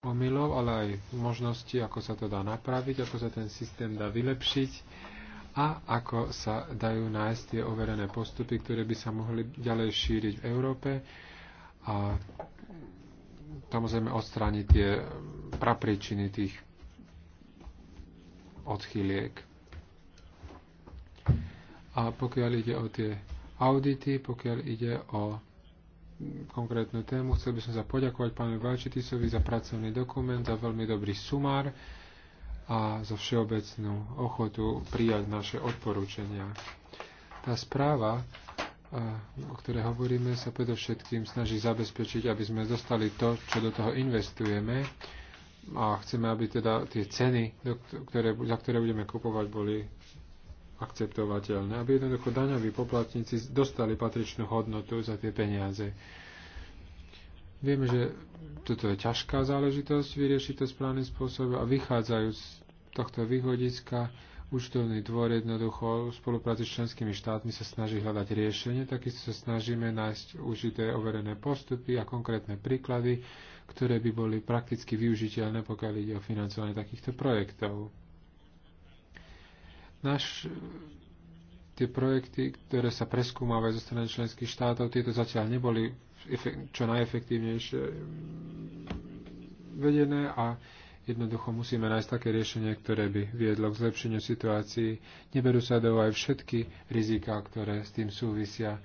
omylov, ale aj možnosti, ako sa to dá napraviť, ako sa ten systém dá vylepšiť a ako sa dajú nájsť tie overené postupy, ktoré by sa mohli ďalej šíriť v Európe a samozrejme odstrániť tie prapríčiny tých odchyliek. A pokiaľ ide o tie audity, pokiaľ ide o konkrétnu tému. Chcel by som sa poďakovať pánu Valčitisovi za pracovný dokument, za veľmi dobrý sumár a za všeobecnú ochotu prijať naše odporúčania. Tá správa, e, o ktorej hovoríme, sa predovšetkým snaží zabezpečiť, aby sme dostali to, čo do toho investujeme a chceme, aby teda tie ceny, ktoré, za ktoré budeme kupovať, boli akceptovateľné, aby jednoducho daňoví poplatníci dostali patričnú hodnotu za tie peniaze. Vieme, že toto je ťažká záležitosť vyriešiť to správnym spôsobom a vychádzajú z tohto výhodiska účtovný dvor jednoducho v spolupráci s členskými štátmi sa snaží hľadať riešenie, takisto sa snažíme nájsť určité overené postupy a konkrétne príklady, ktoré by boli prakticky využiteľné, pokiaľ ide o financovanie takýchto projektov. Naš, tie projekty, ktoré sa preskúmavajú zo strany členských štátov, tieto zatiaľ neboli čo najefektívnejšie vedené a jednoducho musíme nájsť také riešenie, ktoré by viedlo k zlepšeniu situácií. Neberú sa do aj všetky riziká, ktoré s tým súvisia.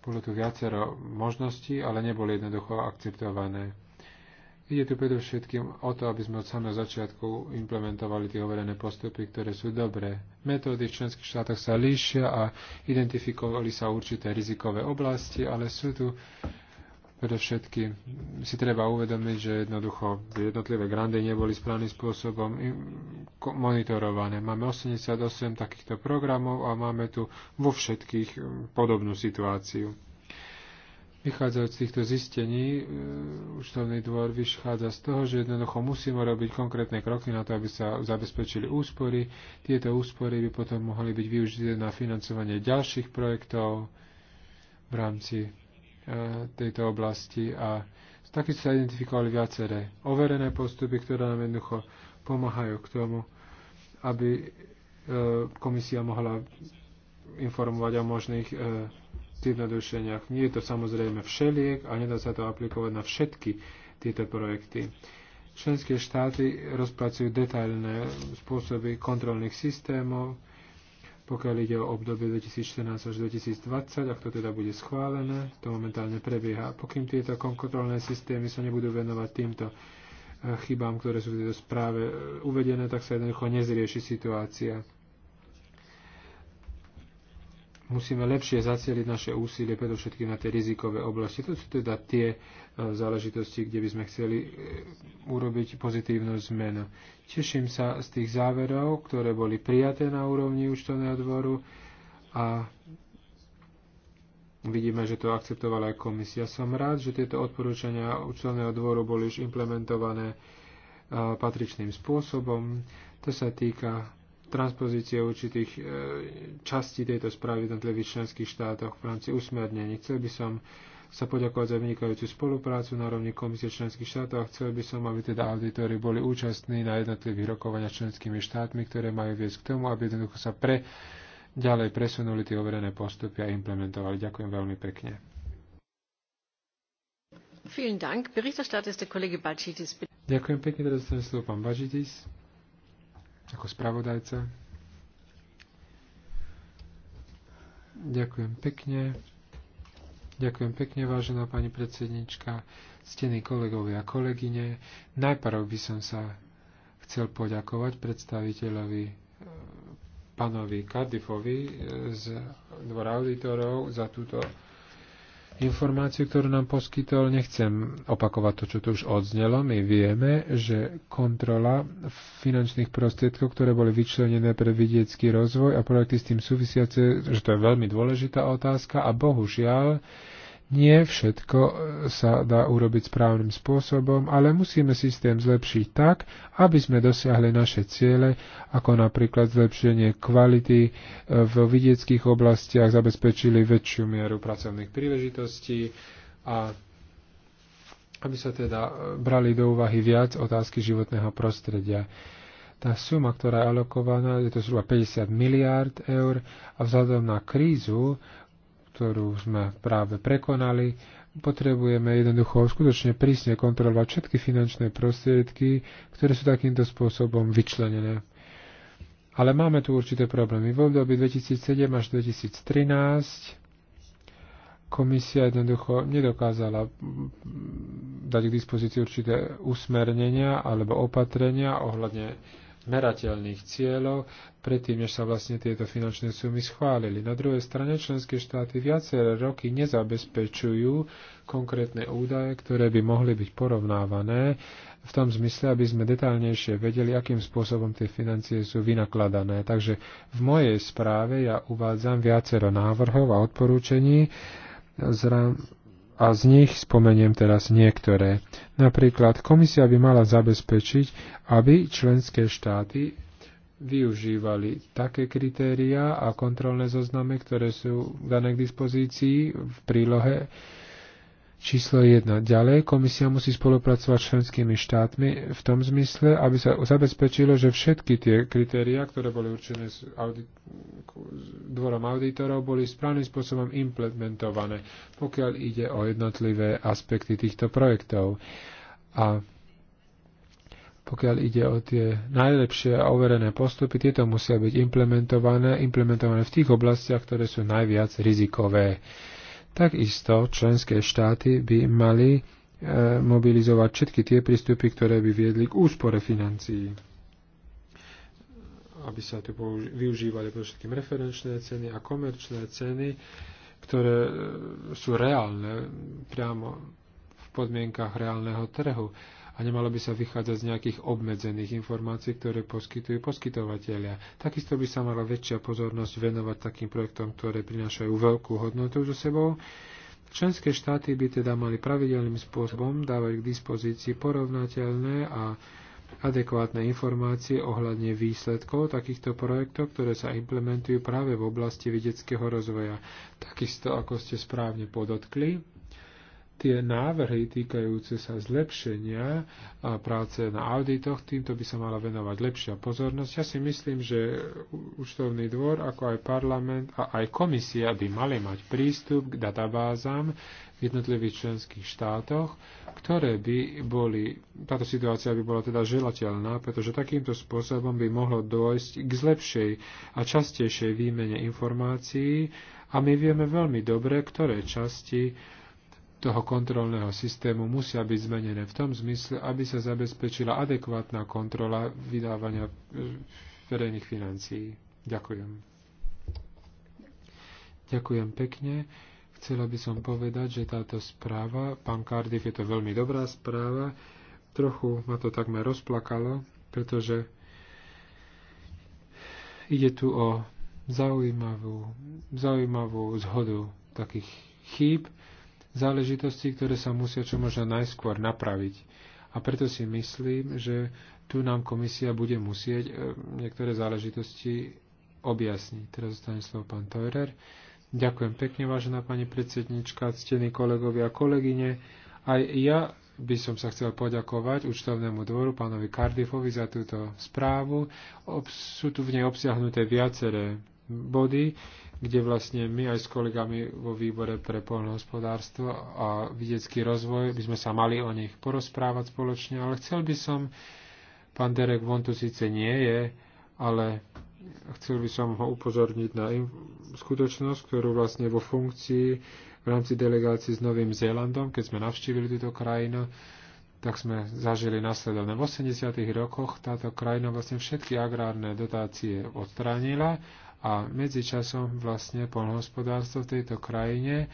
Bolo tu viacero možností, ale neboli jednoducho akceptované. Ide tu predovšetkým o to, aby sme od samého začiatku implementovali tie overené postupy, ktoré sú dobré. Metódy v členských štátoch sa líšia a identifikovali sa určité rizikové oblasti, ale sú tu predovšetkým si treba uvedomiť, že jednoducho jednotlivé grandy neboli správnym spôsobom monitorované. Máme 88 takýchto programov a máme tu vo všetkých mm, podobnú situáciu. Vychádzajúc z týchto zistení, e, účtovný dvor vychádza z toho, že jednoducho musíme robiť konkrétne kroky na to, aby sa zabezpečili úspory. Tieto úspory by potom mohli byť využité na financovanie ďalších projektov v rámci e, tejto oblasti a taky sa identifikovali viaceré overené postupy, ktoré nám jednoducho pomáhajú k tomu, aby e, komisia mohla informovať o možných zjednodušeniach. Nie je to samozrejme všeliek a nedá sa to aplikovať na všetky tieto projekty. Členské štáty rozpracujú detailné spôsoby kontrolných systémov, pokiaľ ide o obdobie 2014 až 2020, ak to teda bude schválené, to momentálne prebieha. Pokým tieto kontrolné systémy sa nebudú venovať týmto eh, chybám, ktoré sú v tejto správe eh, uvedené, tak sa jednoducho nezrieši situácia musíme lepšie zacieliť naše úsilie predovšetkým na tie rizikové oblasti. To sú teda tie e, záležitosti, kde by sme chceli e, urobiť pozitívnu zmenu. Teším sa z tých záverov, ktoré boli prijaté na úrovni účtovného dvoru a vidíme, že to akceptovala aj komisia. Som rád, že tieto odporúčania účtovného dvoru boli už implementované e, patričným spôsobom. To sa týka transpozície určitých e, častí tejto správy v jednotlivých členských štátoch v rámci usmernení. Chcel by som sa poďakovať za vynikajúcu spoluprácu na rovni komisie členských štátov a chcel by som, aby teda auditori boli účastní na jednotlivých rokovaniach členskými štátmi, ktoré majú viesť k tomu, aby jednoducho sa pre ďalej presunuli tie overené postupy a implementovali. Ďakujem veľmi pekne. Ďakujem pekne, teraz dostane slovo pán Bažitis ako spravodajca. Ďakujem pekne. Ďakujem pekne, vážená pani predsednička, stení kolegovia a kolegyne. Najprv by som sa chcel poďakovať predstaviteľovi eh, pánovi Cardiffovi eh, z dvora auditorov za túto informáciu, ktorú nám poskytol. Nechcem opakovať to, čo tu už odznelo. My vieme, že kontrola finančných prostriedkov, ktoré boli vyčlenené pre vidiecký rozvoj a projekty s tým súvisiace, že to je veľmi dôležitá otázka a bohužiaľ nie všetko e, sa dá urobiť správnym spôsobom, ale musíme systém zlepšiť tak, aby sme dosiahli naše ciele, ako napríklad zlepšenie kvality e, v vidieckých oblastiach, zabezpečili väčšiu mieru pracovných príležitostí a aby sa teda e, brali do úvahy viac otázky životného prostredia tá suma, ktorá je alokovaná, je to zhruba 50 miliárd eur a vzhľadom na krízu, ktorú sme práve prekonali. Potrebujeme jednoducho skutočne prísne kontrolovať všetky finančné prostriedky, ktoré sú takýmto spôsobom vyčlenené. Ale máme tu určité problémy. V období 2007 až 2013 komisia jednoducho nedokázala dať k dispozícii určité usmernenia alebo opatrenia ohľadne merateľných cieľov, predtým, než sa vlastne tieto finančné sumy schválili. Na druhej strane členské štáty viaceré roky nezabezpečujú konkrétne údaje, ktoré by mohli byť porovnávané v tom zmysle, aby sme detaľnejšie vedeli, akým spôsobom tie financie sú vynakladané. Takže v mojej správe ja uvádzam viacero návrhov a odporúčení z rám a z nich spomeniem teraz niektoré. Napríklad komisia by mala zabezpečiť, aby členské štáty využívali také kritériá a kontrolné zoznamy, ktoré sú dané k dispozícii v prílohe Číslo 1. Ďalej, komisia musí spolupracovať s členskými štátmi v tom zmysle, aby sa zabezpečilo, že všetky tie kritériá, ktoré boli určené s audit- dvorom auditorov, boli správnym spôsobom implementované, pokiaľ ide o jednotlivé aspekty týchto projektov. A pokiaľ ide o tie najlepšie a overené postupy, tieto musia byť implementované, implementované v tých oblastiach, ktoré sú najviac rizikové. Takisto členské štáty by mali e, mobilizovať všetky tie prístupy, ktoré by viedli k úspore financií. Aby sa tu využívali všetkým referenčné ceny a komerčné ceny, ktoré e, sú reálne priamo v podmienkach reálneho trhu a nemalo by sa vychádzať z nejakých obmedzených informácií, ktoré poskytujú poskytovateľia. Takisto by sa mala väčšia pozornosť venovať takým projektom, ktoré prinášajú veľkú hodnotu so sebou. Členské štáty by teda mali pravidelným spôsobom dávať k dispozícii porovnateľné a adekvátne informácie ohľadne výsledkov takýchto projektov, ktoré sa implementujú práve v oblasti vedeckého rozvoja. Takisto, ako ste správne podotkli, tie návrhy týkajúce sa zlepšenia a práce na auditoch, týmto by sa mala venovať lepšia pozornosť. Ja si myslím, že účtovný dvor, ako aj parlament a aj komisia by mali mať prístup k databázam v jednotlivých členských štátoch, ktoré by boli, táto situácia by bola teda želateľná, pretože takýmto spôsobom by mohlo dôjsť k zlepšej a častejšej výmene informácií a my vieme veľmi dobre, ktoré časti toho kontrolného systému musia byť zmenené v tom zmysle, aby sa zabezpečila adekvátna kontrola vydávania e, verejných financií. Ďakujem. Ďakujem pekne. Chcela by som povedať, že táto správa, pán Cardiff, je to veľmi dobrá správa. Trochu ma to takmer rozplakalo, pretože ide tu o zaujímavú, zaujímavú zhodu takých chýb, záležitosti, ktoré sa musia čo možno najskôr napraviť. A preto si myslím, že tu nám komisia bude musieť e, niektoré záležitosti objasniť. Teraz zostane slovo pán Teurer. Ďakujem pekne, vážená pani predsednička, ctení kolegovia a kolegyne. Aj ja by som sa chcel poďakovať účtovnému dvoru pánovi Cardiffovi za túto správu. Ob, sú tu v nej obsiahnuté viaceré body, kde vlastne my aj s kolegami vo výbore pre poľnohospodárstvo a vidiecký rozvoj by sme sa mali o nich porozprávať spoločne, ale chcel by som, pán Derek von tu síce nie je, ale chcel by som ho upozorniť na skutočnosť, ktorú vlastne vo funkcii v rámci delegácií s Novým Zélandom, keď sme navštívili túto krajinu, tak sme zažili nasledovne. V 80. rokoch táto krajina vlastne všetky agrárne dotácie odstránila a medzičasom vlastne polnohospodárstvo v tejto krajine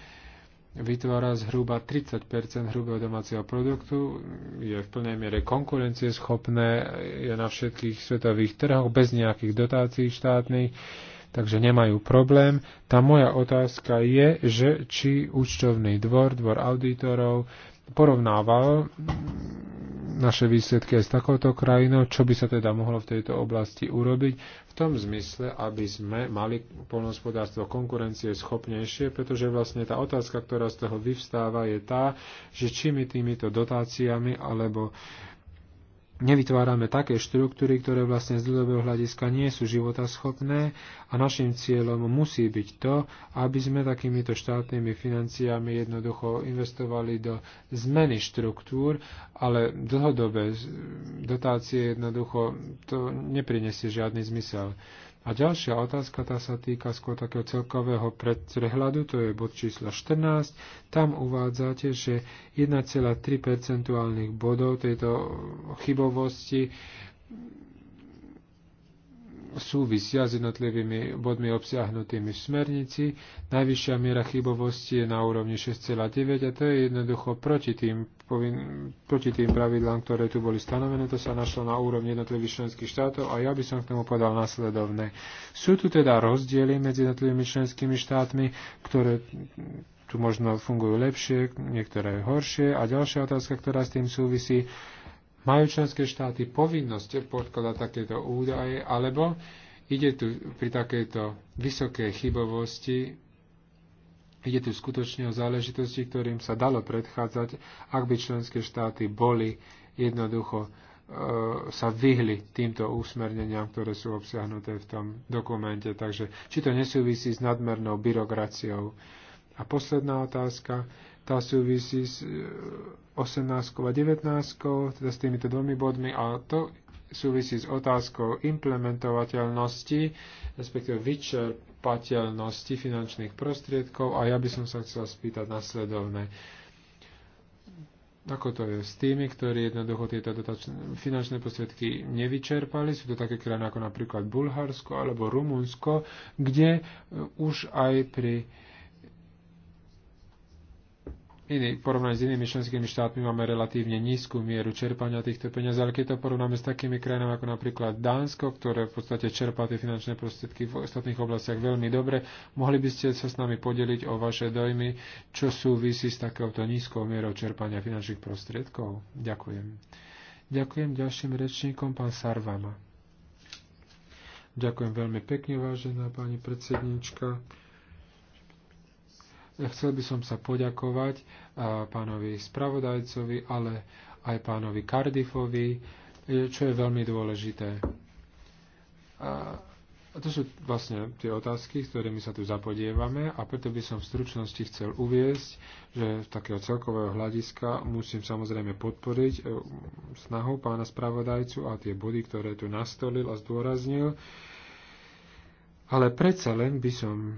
vytvára zhruba 30 hrubého domáceho produktu, je v plnej miere konkurencieschopné, je na všetkých svetových trhoch bez nejakých dotácií štátnych, takže nemajú problém. Tá moja otázka je, že či účtovný dvor, dvor auditorov porovnával naše výsledky aj s takouto krajinou, čo by sa teda mohlo v tejto oblasti urobiť, v tom zmysle, aby sme mali poľnohospodárstvo konkurencie schopnejšie, pretože vlastne tá otázka, ktorá z toho vyvstáva, je tá, že či my týmito dotáciami alebo uh, nevytvárame také štruktúry, ktoré vlastne z dlhodobého hľadiska nie sú životaschopné a našim cieľom musí byť to, aby sme takýmito štátnymi financiami jednoducho investovali do zmeny štruktúr, ale dlhodobé dotácie jednoducho to neprinesie žiadny zmysel. A ďalšia otázka, tá sa týka skôr takého celkového prehľadu, to je bod číslo 14. Tam uvádzate, že 1,3 percentuálnych bodov tejto chybovosti súvisia s jednotlivými bodmi obsiahnutými v smernici. Najvyššia miera chybovosti je na úrovni 6,9 a to je jednoducho proti tým, povin, proti tým pravidlám, ktoré tu boli stanovené. To sa našlo na úrovni jednotlivých členských štátov a ja by som k tomu podal následovné. Sú tu teda rozdiely medzi jednotlivými členskými štátmi, ktoré tu možno fungujú lepšie, niektoré horšie. A ďalšia otázka, ktorá s tým súvisí, majú členské štáty povinnosť podkladať takéto údaje, alebo ide tu pri takejto vysokej chybovosti, ide tu skutočne o záležitosti, ktorým sa dalo predchádzať, ak by členské štáty boli jednoducho e, sa vyhli týmto úsmerneniam, ktoré sú obsiahnuté v tom dokumente. Takže či to nesúvisí s nadmernou byrokraciou. A posledná otázka. Tá súvisí s 18 e, a 19, teda s týmito dvomi bodmi a to súvisí s otázkou implementovateľnosti, respektíve vyčerpateľnosti finančných prostriedkov a ja by som sa chcel spýtať nasledovné. Ako to je s tými, ktorí jednoducho tieto dotačné, finančné prostriedky nevyčerpali? Sú to také krajiny ako napríklad Bulharsko alebo Rumunsko, kde e, už aj pri uh, iný, porovnaní s inými členskými štátmi máme relatívne nízku mieru čerpania týchto peniazí, ale keď to porovnáme s takými krajinami ako napríklad Dánsko, ktoré v podstate čerpá tie finančné prostriedky v ostatných oblastiach veľmi dobre, mohli by ste sa s nami podeliť o vaše dojmy, čo súvisí s takouto nízkou mierou čerpania finančných prostriedkov? Ďakujem. Ďakujem ďalším rečníkom, pán Sarvama. Ďakujem veľmi pekne, vážená pani predsednička. Chcel by som sa poďakovať pánovi spravodajcovi, ale aj pánovi Cardiffovi, e, čo je veľmi dôležité. A to sú vlastne tie otázky, s ktorými sa tu zapodievame a preto by som v stručnosti chcel uviesť, že z takého celkového hľadiska musím samozrejme podporiť e, snahu pána spravodajcu a tie body, ktoré tu nastolil a zdôraznil. Ale predsa len by som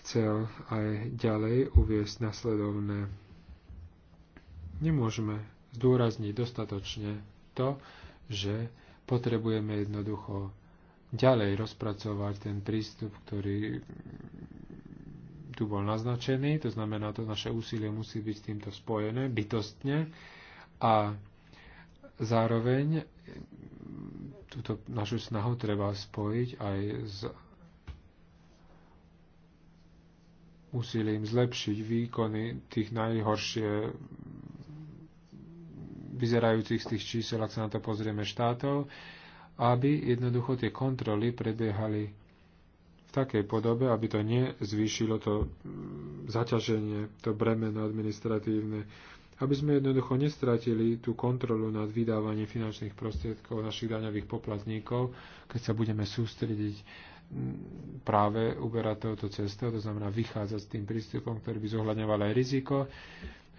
chcel aj ďalej uviesť nasledovné. Nemôžeme zdôrazniť dostatočne to, že potrebujeme jednoducho ďalej rozpracovať ten prístup, ktorý tu bol naznačený, to znamená, to naše úsilie musí byť s týmto spojené bytostne a zároveň túto našu snahu treba spojiť aj s úsilím zlepšiť výkony tých najhoršie vyzerajúcich z tých čísel, ak sa na to pozrieme štátov, aby jednoducho tie kontroly prebiehali v takej podobe, aby to nezvýšilo to mm, zaťaženie, to bremeno administratívne, aby sme jednoducho nestratili tú kontrolu nad vydávaním finančných prostriedkov našich daňových poplatníkov, keď sa budeme sústrediť práve uberať touto cestou, to znamená vychádzať s tým prístupom, ktorý by zohľadňoval aj riziko.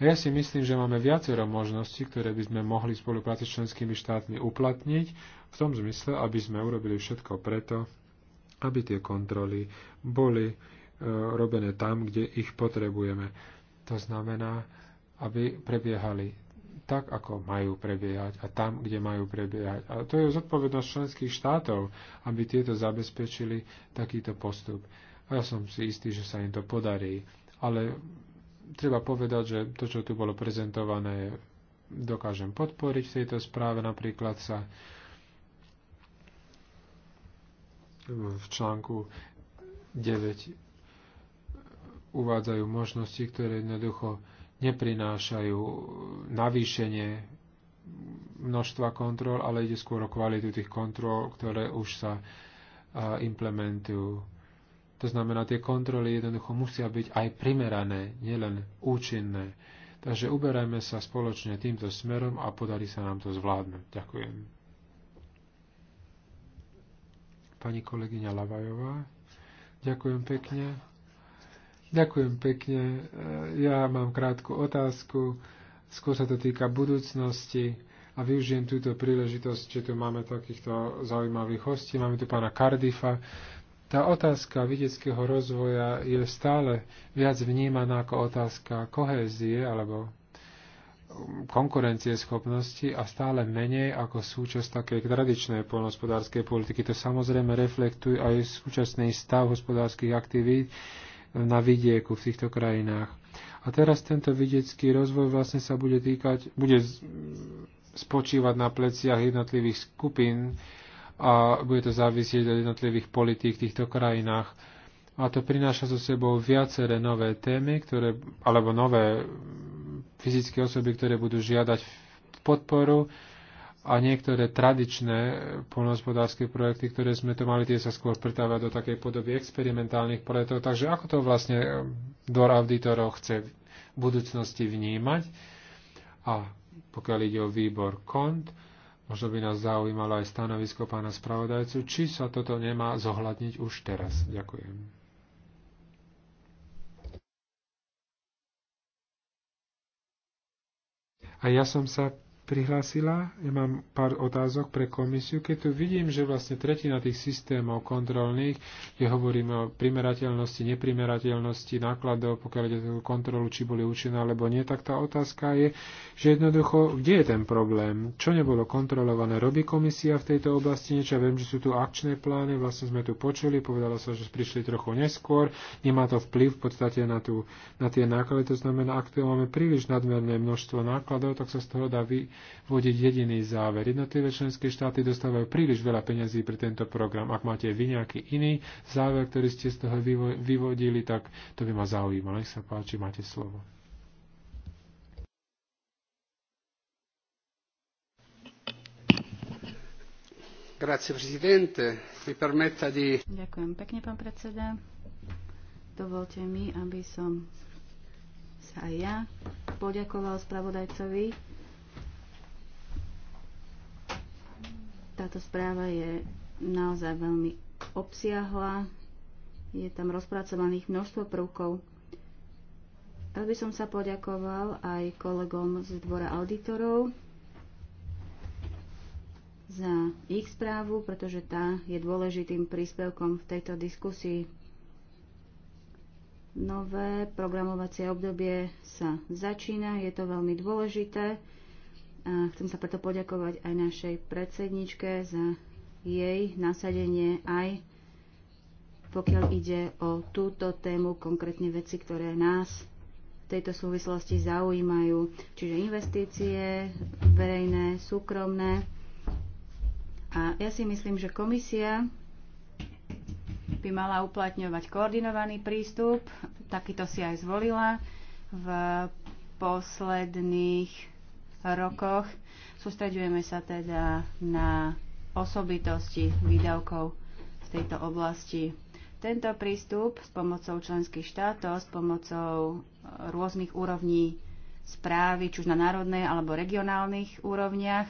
A ja si myslím, že máme viacero možností, ktoré by sme mohli spolupráci s členskými štátmi uplatniť, v tom zmysle, aby sme urobili všetko preto, aby tie kontroly boli e, robené tam, kde ich potrebujeme. To znamená, aby prebiehali tak, ako majú prebiehať a tam, kde majú prebiehať. A to je zodpovednosť členských štátov, aby tieto zabezpečili takýto postup. A ja som si istý, že sa im to podarí. Ale treba povedať, že to, čo tu bolo prezentované, dokážem podporiť v tejto správe. Napríklad sa v článku 9 uvádzajú možnosti, ktoré jednoducho neprinášajú navýšenie množstva kontrol, ale ide skôr o kvalitu tých kontrol, ktoré už sa implementujú. To znamená, tie kontroly jednoducho musia byť aj primerané, nielen účinné. Takže uberajme sa spoločne týmto smerom a podarí sa nám to zvládnuť. Ďakujem. Pani kolegyňa Lavajová. Ďakujem pekne. Ďakujem pekne. E, ja mám krátku otázku. Skôr sa to týka budúcnosti a využijem túto príležitosť, že tu máme takýchto zaujímavých hostí. Máme tu pána Cardiffa. Tá otázka vidieckého rozvoja je stále viac vnímaná ako otázka kohézie alebo konkurencie schopnosti a stále menej ako súčasť takej tradičnej poľnohospodárskej politiky. To samozrejme reflektuje aj súčasný stav hospodárskych aktivít, na vidieku v týchto krajinách. A teraz tento vidiecký rozvoj vlastne sa bude týkať, bude spočívať na pleciach jednotlivých skupín a bude to závisieť od jednotlivých politík v týchto krajinách. A to prináša so sebou viaceré nové témy, ktoré, alebo nové fyzické osoby, ktoré budú žiadať podporu a niektoré tradičné poľnohospodárske projekty, ktoré sme to mali, tie sa skôr pretávať do takej podoby experimentálnych projektov. Takže ako to vlastne eh, dvor auditorov chce v budúcnosti vnímať? A pokiaľ ide o výbor kont, možno by nás zaujímalo aj stanovisko pána spravodajcu, či sa toto nemá zohľadniť už teraz. Ďakujem. A ja som sa prihlásila. Ja mám pár otázok pre komisiu. Keď tu vidím, že vlastne tretina tých systémov kontrolných, kde hovoríme o primerateľnosti, neprimerateľnosti nákladov, pokiaľ ide o kontrolu, či boli účinné alebo nie, tak tá otázka je, že jednoducho, kde je ten problém? Čo nebolo kontrolované? Robí komisia v tejto oblasti niečo? viem, že sú tu akčné plány, vlastne sme tu počuli, povedalo sa, že prišli trochu neskôr, nemá to vplyv v podstate na, tú, na tie náklady, to znamená, ak tu máme príliš nadmerné množstvo nákladov, tak sa z toho dá vy, vodiť jediný záver. Jednotlivé členské štáty dostávajú príliš veľa peňazí pre tento program. Ak máte vy nejaký iný záver, ktorý ste z toho vyvo- vyvodili, tak to by ma zaujímalo. Nech sa páči, máte slovo. Grazie, presidente. Mi permetta di... Ďakujem pekne, pán predseda. Dovolte mi, aby som sa aj ja poďakoval spravodajcovi Táto správa je naozaj veľmi obsiahla. Je tam rozpracovaných množstvo prvkov. Rád by som sa poďakoval aj kolegom z dvora auditorov za ich správu, pretože tá je dôležitým príspevkom v tejto diskusii. Nové programovacie obdobie sa začína, je to veľmi dôležité a chcem sa preto poďakovať aj našej predsedničke za jej nasadenie aj pokiaľ ide o túto tému, konkrétne veci, ktoré nás v tejto súvislosti zaujímajú, čiže investície verejné, súkromné. A ja si myslím, že komisia by mala uplatňovať koordinovaný prístup, takýto si aj zvolila v posledných rokoch. Sústreďujeme sa teda na osobitosti výdavkov v tejto oblasti. Tento prístup s pomocou členských štátov, s pomocou e, rôznych úrovní správy, či už na národnej alebo regionálnych úrovniach,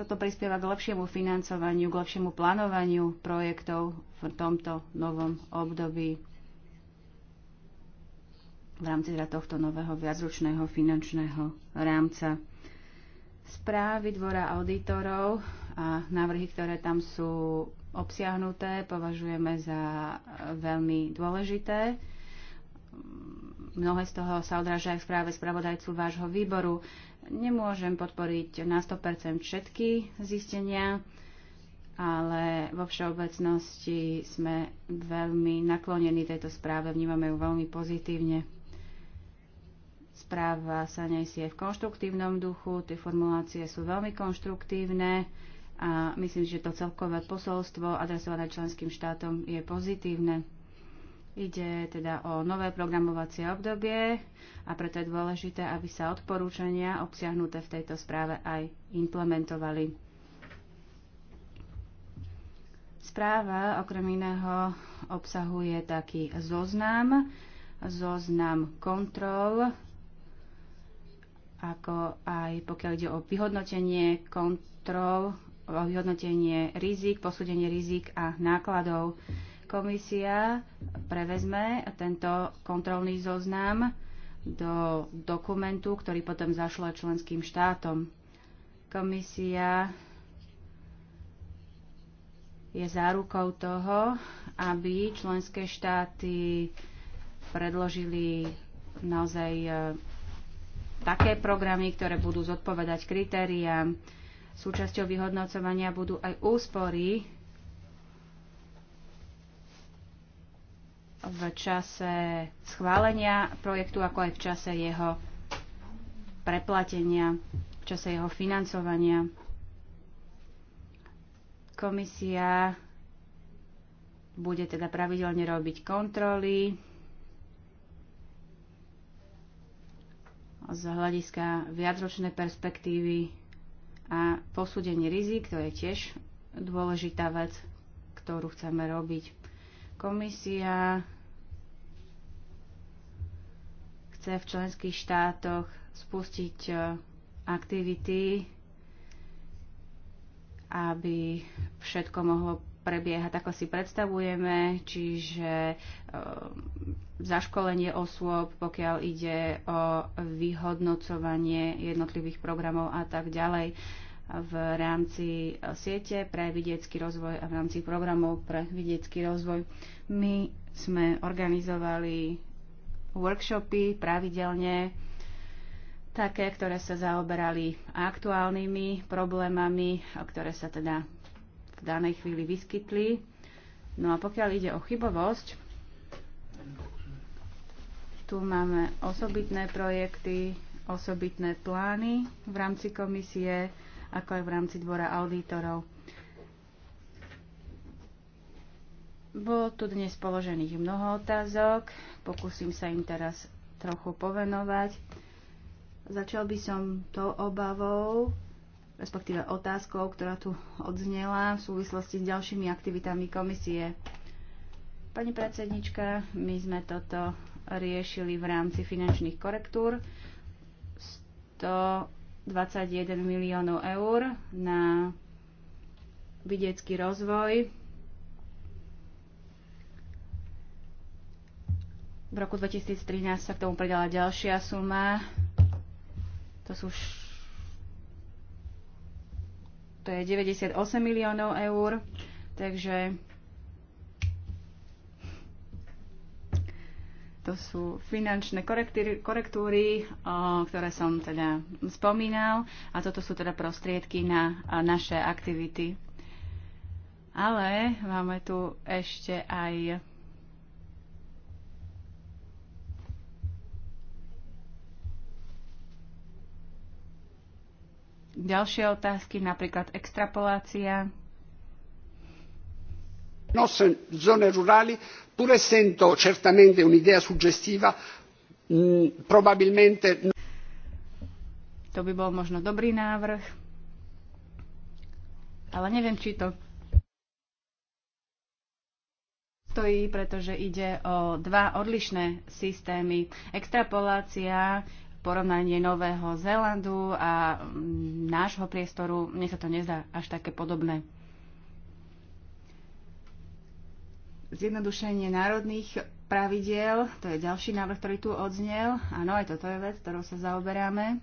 toto prispieva k lepšiemu financovaniu, k lepšiemu plánovaniu projektov v tomto novom období v rámci teda tohto nového viacročného finančného rámca správy dvora auditorov a návrhy, ktoré tam sú obsiahnuté, považujeme za veľmi dôležité. Mnohé z toho sa odráža aj v správe spravodajcu vášho výboru. Nemôžem podporiť na 100% všetky zistenia, ale vo všeobecnosti sme veľmi naklonení tejto správe, vnímame ju veľmi pozitívne. Správa sa nesie v konštruktívnom duchu, tie formulácie sú veľmi konštruktívne a myslím, že to celkové posolstvo adresované členským štátom je pozitívne. Ide teda o nové programovacie obdobie a preto je dôležité, aby sa odporúčania obsiahnuté v tejto správe aj implementovali. Správa okrem iného obsahuje taký zoznam, zoznam kontrol, ako aj pokiaľ ide o vyhodnotenie kontrol, o vyhodnotenie rizik, posúdenie rizik a nákladov. Komisia prevezme tento kontrolný zoznam do dokumentu, ktorý potom zašle členským štátom. Komisia je zárukou toho, aby členské štáty predložili naozaj eh, také programy, ktoré budú zodpovedať kritériám. Súčasťou vyhodnocovania budú aj úspory v čase schválenia projektu, ako aj v čase jeho preplatenia, v čase jeho financovania. Komisia bude teda pravidelne robiť kontroly z hľadiska viacročnej perspektívy a posúdenie rizik, to je tiež dôležitá vec, ktorú chceme robiť. Komisia chce v členských štátoch spustiť e, aktivity, aby všetko mohlo prebiehať, ako si predstavujeme, čiže e, zaškolenie osôb, pokiaľ ide o vyhodnocovanie jednotlivých programov a tak ďalej v rámci siete pre vidiecký rozvoj a v rámci programov pre vidiecký rozvoj. My sme organizovali workshopy pravidelne, také, ktoré sa zaoberali aktuálnymi problémami, ktoré sa teda v danej chvíli vyskytli. No a pokiaľ ide o chybovosť, tu máme osobitné projekty, osobitné plány v rámci komisie, ako aj v rámci dvora auditorov. Bolo tu dnes položených mnoho otázok, pokúsim sa im teraz trochu povenovať. Začal by som tou obavou, respektíve otázkou, ktorá tu odznela v súvislosti s ďalšími aktivitami komisie. Pani predsednička, my sme toto riešili v rámci finančných korektúr. 121 miliónov eur na vidiecký rozvoj V roku 2013 sa k tomu pridala ďalšia suma. To sú to je 98 miliónov eur, takže To sú finančné korektúry, korektúry o, ktoré som teda spomínal a toto sú teda prostriedky na naše aktivity. Ale máme tu ešte aj ďalšie otázky, napríklad extrapolácia nostre zone rurali pur essendo certamente un'idea suggestiva mh, probabilmente no. to by bol možno dobrý návrh, ale neviem, či to stojí, pretože ide o dva odlišné systémy. Extrapolácia, porovnanie Nového Zélandu a mm, nášho priestoru, mne sa to nezdá až také podobné. Zjednodušenie národných pravidiel, to je ďalší návrh, ktorý tu odznel. Áno, aj toto je vec, ktorou sa zaoberáme.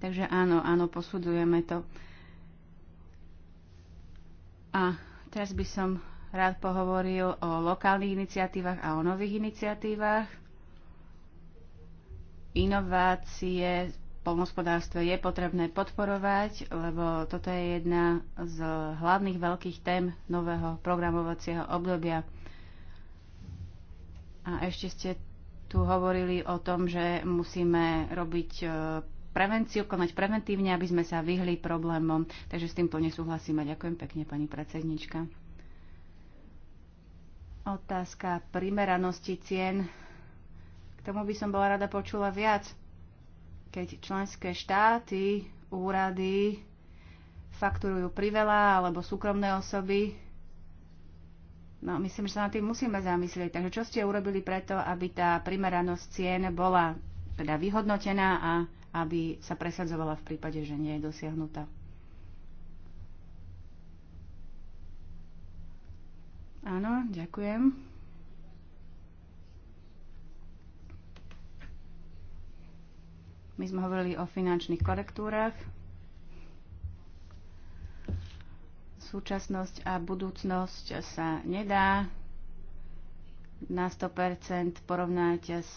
Takže áno, áno, posudzujeme to. A teraz by som rád pohovoril o lokálnych iniciatívach a o nových iniciatívach. Inovácie polnospodárstve je potrebné podporovať, lebo toto je jedna z hlavných veľkých tém nového programovacieho obdobia. A ešte ste tu hovorili o tom, že musíme robiť e, prevenciu, konať preventívne, aby sme sa vyhli problémom. Takže s tým plne nesúhlasíme. Ďakujem pekne, pani predsednička. Otázka primeranosti cien. K tomu by som bola rada počula viac keď členské štáty, úrady fakturujú priveľa alebo súkromné osoby. No, myslím, že sa na tým musíme zamyslieť. Takže čo ste urobili preto, aby tá primeranosť cien bola teda vyhodnotená a aby sa presadzovala v prípade, že nie je dosiahnutá? Áno, ďakujem. My sme hovorili o finančných korektúrach. Súčasnosť a budúcnosť sa nedá na 100% porovnať s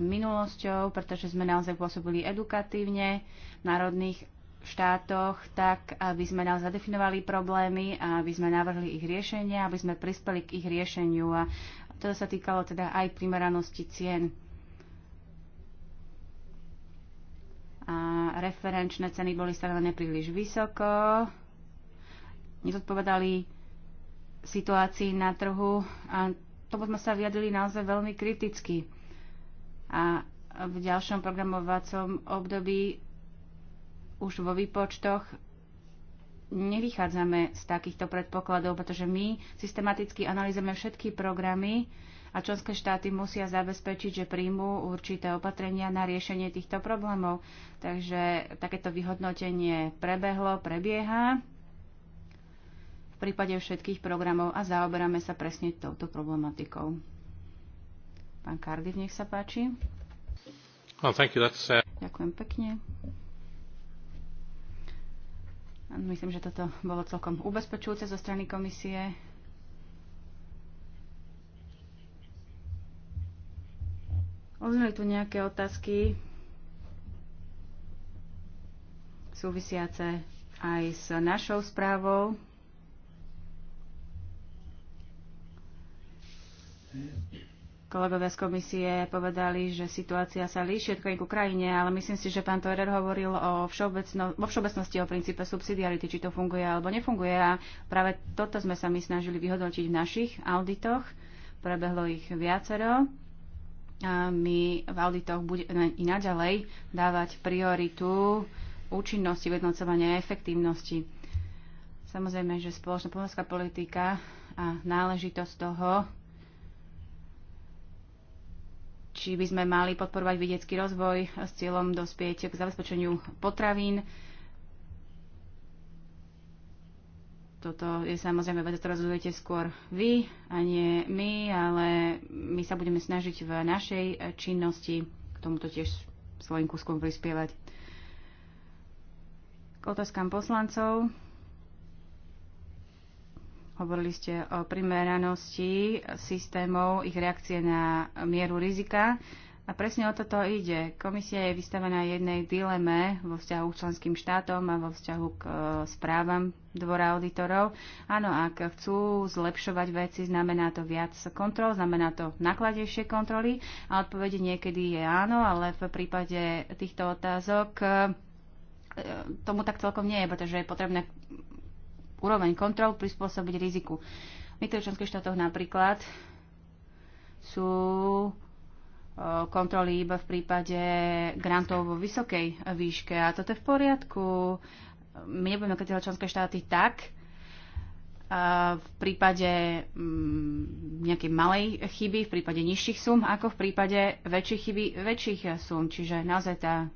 minulosťou, pretože sme naozaj pôsobili edukatívne v národných štátoch, tak aby sme naozaj zadefinovali problémy a aby sme navrhli ich riešenia, aby sme prispeli k ich riešeniu a to sa týkalo teda aj primeranosti cien. a referenčné ceny boli stanovené príliš vysoko, nezodpovedali situácii na trhu a tomu sme sa vyjadrili naozaj veľmi kriticky. A v ďalšom programovacom období už vo výpočtoch nevychádzame z takýchto predpokladov, pretože my systematicky analýzujeme všetky programy, a členské štáty musia zabezpečiť, že príjmú určité opatrenia na riešenie týchto problémov. Takže takéto vyhodnotenie prebehlo, prebieha v prípade všetkých programov a zaoberáme sa presne touto problematikou. Pán Cardiff, nech sa páči. Well, thank you. That's, uh... Ďakujem pekne. Myslím, že toto bolo celkom ubezpečujúce zo strany komisie. Ozneli tu nejaké otázky súvisiace aj s našou správou. Kolegovia z komisie povedali, že situácia sa líši od krajiny ku krajine, ale myslím si, že pán Torer hovoril o všeobecno, vo všeobecnosti o princípe subsidiarity, či to funguje alebo nefunguje. A práve toto sme sa my snažili vyhodnotiť v našich auditoch. Prebehlo ich viacero. A my v auditoch budeme i naďalej dávať prioritu účinnosti, vyhodnocovania a efektívnosti. Samozrejme, že spoločná pomorská politika a náležitosť toho, či by sme mali podporovať vidiecký rozvoj s cieľom dospieť k zabezpečeniu potravín, Toto je samozrejme vec, ktorú rozhodujete skôr vy a nie my, ale my sa budeme snažiť v našej činnosti k tomuto tiež svojim kúskom prispievať. K otázkam poslancov. Hovorili ste o primeranosti systémov, ich reakcie na mieru rizika. A presne o toto ide. Komisia je vystavená jednej dileme vo vzťahu k členským štátom a vo vzťahu k e, správam dvora auditorov. Áno, ak chcú zlepšovať veci, znamená to viac kontrol, znamená to nakladejšie kontroly a odpovede niekedy je áno, ale v prípade týchto otázok e, tomu tak celkom nie je, pretože je potrebné úroveň kontrol prispôsobiť riziku. V niektorých členských štátoch napríklad sú kontroly iba v prípade grantov vo vysokej výške. A toto je v poriadku. My nebudeme keď členské štáty tak, a v prípade mm, nejakej malej chyby, v prípade nižších sum, ako v prípade väčších chyby, väčších sum. Čiže naozaj tá e,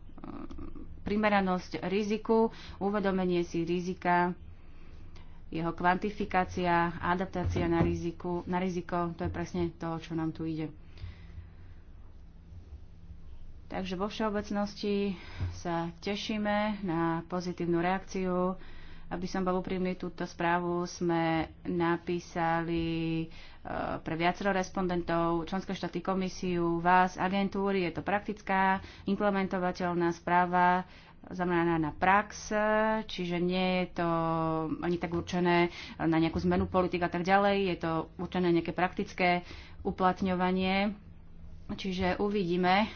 primeranosť riziku, uvedomenie si rizika, jeho kvantifikácia, adaptácia na, riziku, na riziko, to je presne to, čo nám tu ide. Takže vo všeobecnosti sa tešíme na pozitívnu reakciu. Aby som bol úprimný, túto správu sme napísali e, pre viacero respondentov, členské štáty, komisiu, vás, agentúry. Je to praktická, implementovateľná správa zameraná na prax, e, čiže nie je to ani tak určené na nejakú zmenu politik a tak ďalej, je to určené nejaké praktické uplatňovanie. Čiže uvidíme,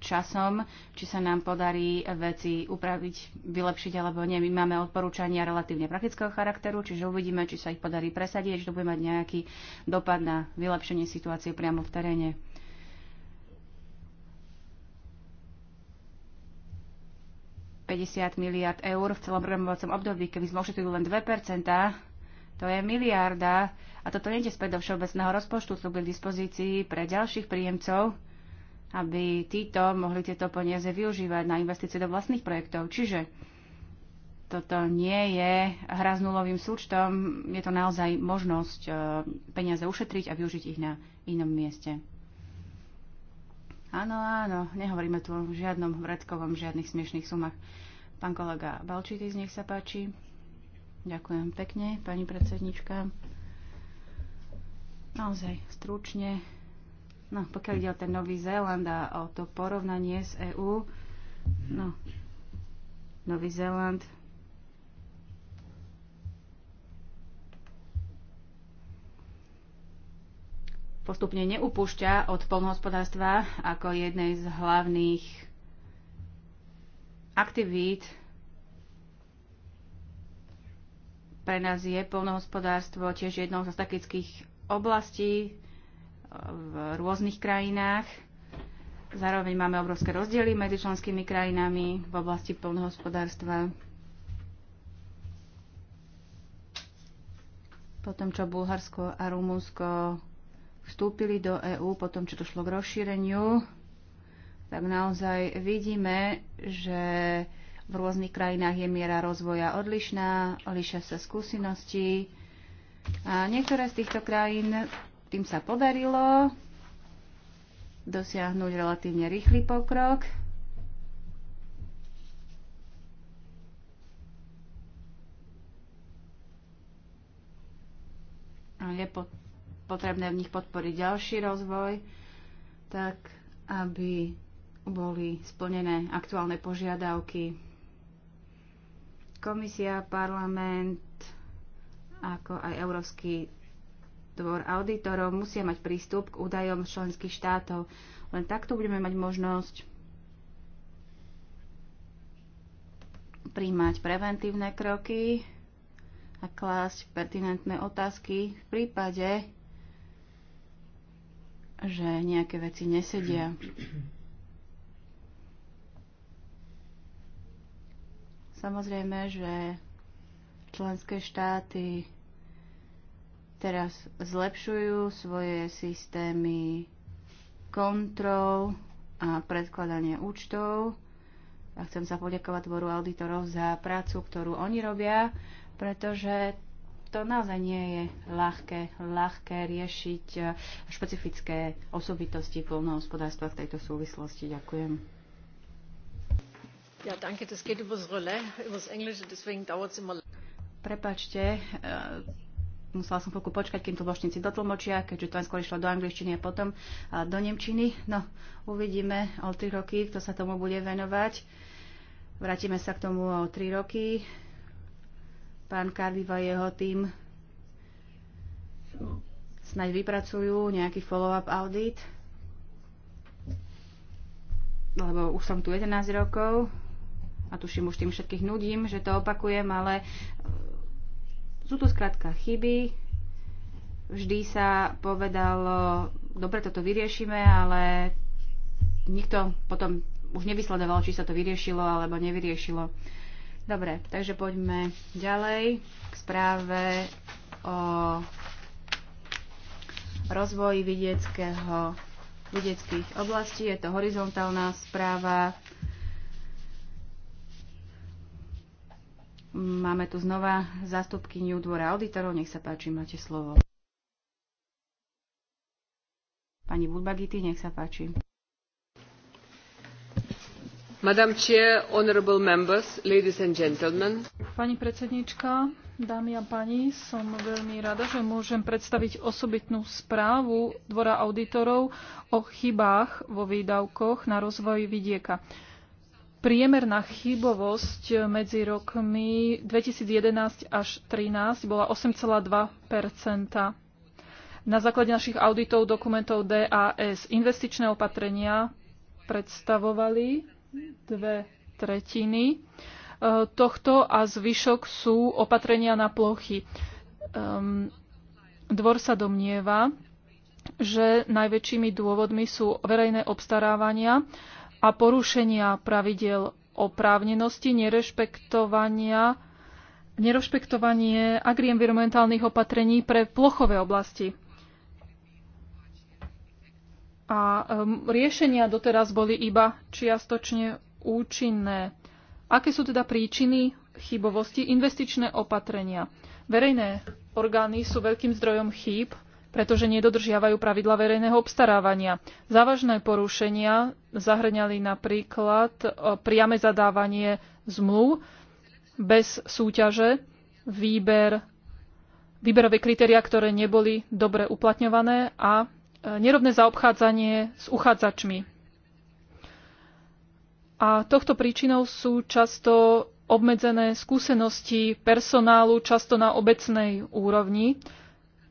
časom, či sa nám podarí veci upraviť, vylepšiť alebo nie. My máme odporúčania relatívne praktického charakteru, čiže uvidíme, či sa ich podarí presadiť, či to bude mať nejaký dopad na vylepšenie situácie priamo v teréne. miliard eur v celom programovacom období, keby sme ošetrili len 2%, to je miliarda a toto je späť do všeobecného rozpočtu, sú k dispozícii pre ďalších príjemcov aby títo mohli tieto peniaze využívať na investície do vlastných projektov. Čiže toto nie je hra s nulovým súčtom, je to naozaj možnosť e, peniaze ušetriť a využiť ich na inom mieste. Áno, áno, nehovoríme tu o žiadnom vredkovom, žiadnych smiešných sumách. Pán kolega z nech sa páči. Ďakujem pekne, pani predsednička. Naozaj stručne No, pokiaľ ide o ten Nový Zéland a o to porovnanie s EÚ, no, Nový Zéland postupne neupúšťa od polnohospodárstva ako jednej z hlavných aktivít. Pre nás je polnohospodárstvo tiež jednou z takických oblastí, v rôznych krajinách. Zároveň máme obrovské rozdiely medzi členskými krajinami v oblasti plnohospodárstva. Potom, čo Bulharsko a Rumunsko vstúpili do EÚ, potom, čo došlo k rozšíreniu, tak naozaj vidíme, že v rôznych krajinách je miera rozvoja odlišná, lišia sa skúsenosti a niektoré z týchto krajín tým sa podarilo dosiahnuť relatívne rýchly pokrok. Je potrebné v nich podporiť ďalší rozvoj, tak aby boli splnené aktuálne požiadavky. Komisia, parlament, ako aj Európsky dvor auditorov musia mať prístup k údajom členských štátov. Len takto budeme mať možnosť príjmať preventívne kroky a klásť pertinentné otázky v prípade, že nejaké veci nesedia. Samozrejme, že členské štáty teraz zlepšujú svoje systémy kontrol a predkladanie účtov. A chcem sa poďakovať dvoru auditorov za prácu, ktorú oni robia, pretože to naozaj nie je ľahké, ľahké riešiť eh, špecifické osobitosti poľnohospodárstva v tejto súvislosti. Ďakujem. Ja, danke, das geht übers Relais, übers Englische, deswegen dauert es immer. Prepačte, eh, musela som chvíľku počkať, kým tlmočníci dotlmočia, keďže to aj skôr išlo do angličtiny a potom do nemčiny. No, uvidíme o 3 roky, kto sa tomu bude venovať. Vrátime sa k tomu o 3 roky. Pán Karliva a jeho tým snaď vypracujú nejaký follow-up audit, lebo už som tu 11 rokov a tuším, už tým všetkých nudím, že to opakujem, ale sú tu skrátka chyby, vždy sa povedalo, dobre, toto vyriešime, ale nikto potom už nevysledoval, či sa to vyriešilo alebo nevyriešilo. Dobre, takže poďme ďalej k správe o rozvoji vidieckého, vidieckých oblastí. Je to horizontálna správa. Máme tu znova New dvora auditorov. Nech sa páči, máte slovo. Pani Budbagity, nech sa páči. Madam Chair, honorable members, ladies and gentlemen. Pani predsednička, dámy a pani, som veľmi rada, že môžem predstaviť osobitnú správu Dvora auditorov o chybách vo výdavkoch na rozvoj vidieka. Priemerná chybovosť medzi rokmi 2011 až 2013 bola 8,2 Na základe našich auditov dokumentov DAS investičné opatrenia predstavovali dve tretiny e, tohto a zvyšok sú opatrenia na plochy. Ehm, dvor sa domnieva, že najväčšími dôvodmi sú verejné obstarávania, a porušenia pravidel oprávnenosti, nerešpektovania, nerošpektovanie agrienvironmentálnych opatrení pre plochové oblasti. A riešenia doteraz boli iba čiastočne účinné. Aké sú teda príčiny chybovosti? Investičné opatrenia. Verejné orgány sú veľkým zdrojom chýb pretože nedodržiavajú pravidla verejného obstarávania. Závažné porušenia zahrňali napríklad e, priame zadávanie zmluv bez súťaže, výber, výberové kritéria, ktoré neboli dobre uplatňované a e, nerovné zaobchádzanie s uchádzačmi. A tohto príčinou sú často obmedzené skúsenosti personálu, často na obecnej úrovni,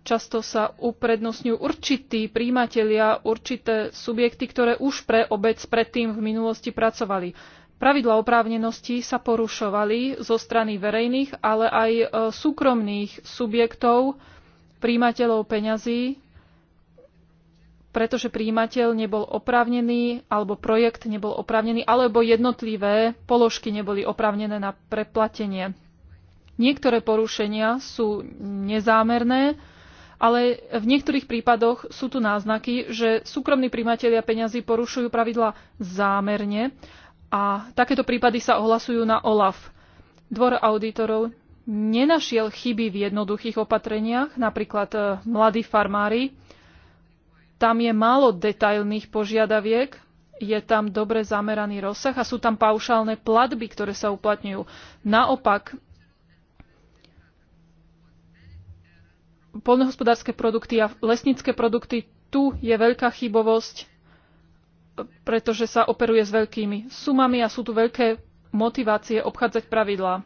Často sa uprednostňujú určití príjimatelia, určité subjekty, ktoré už pre obec predtým v minulosti pracovali. Pravidla oprávnenosti sa porušovali zo strany verejných, ale aj e, súkromných subjektov, príjimateľov peňazí, pretože príjimateľ nebol oprávnený, alebo projekt nebol oprávnený, alebo jednotlivé položky neboli oprávnené na preplatenie. Niektoré porušenia sú nezámerné, ale v niektorých prípadoch sú tu náznaky, že súkromní primatelia peňazí porušujú pravidla zámerne a takéto prípady sa ohlasujú na OLAF. Dvor auditorov nenašiel chyby v jednoduchých opatreniach, napríklad e, mladí farmári. Tam je málo detailných požiadaviek, je tam dobre zameraný rozsah a sú tam paušálne platby, ktoré sa uplatňujú. Naopak, poľnohospodárske produkty a lesnícke produkty, tu je veľká chybovosť, pretože sa operuje s veľkými sumami a sú tu veľké motivácie obchádzať pravidlá.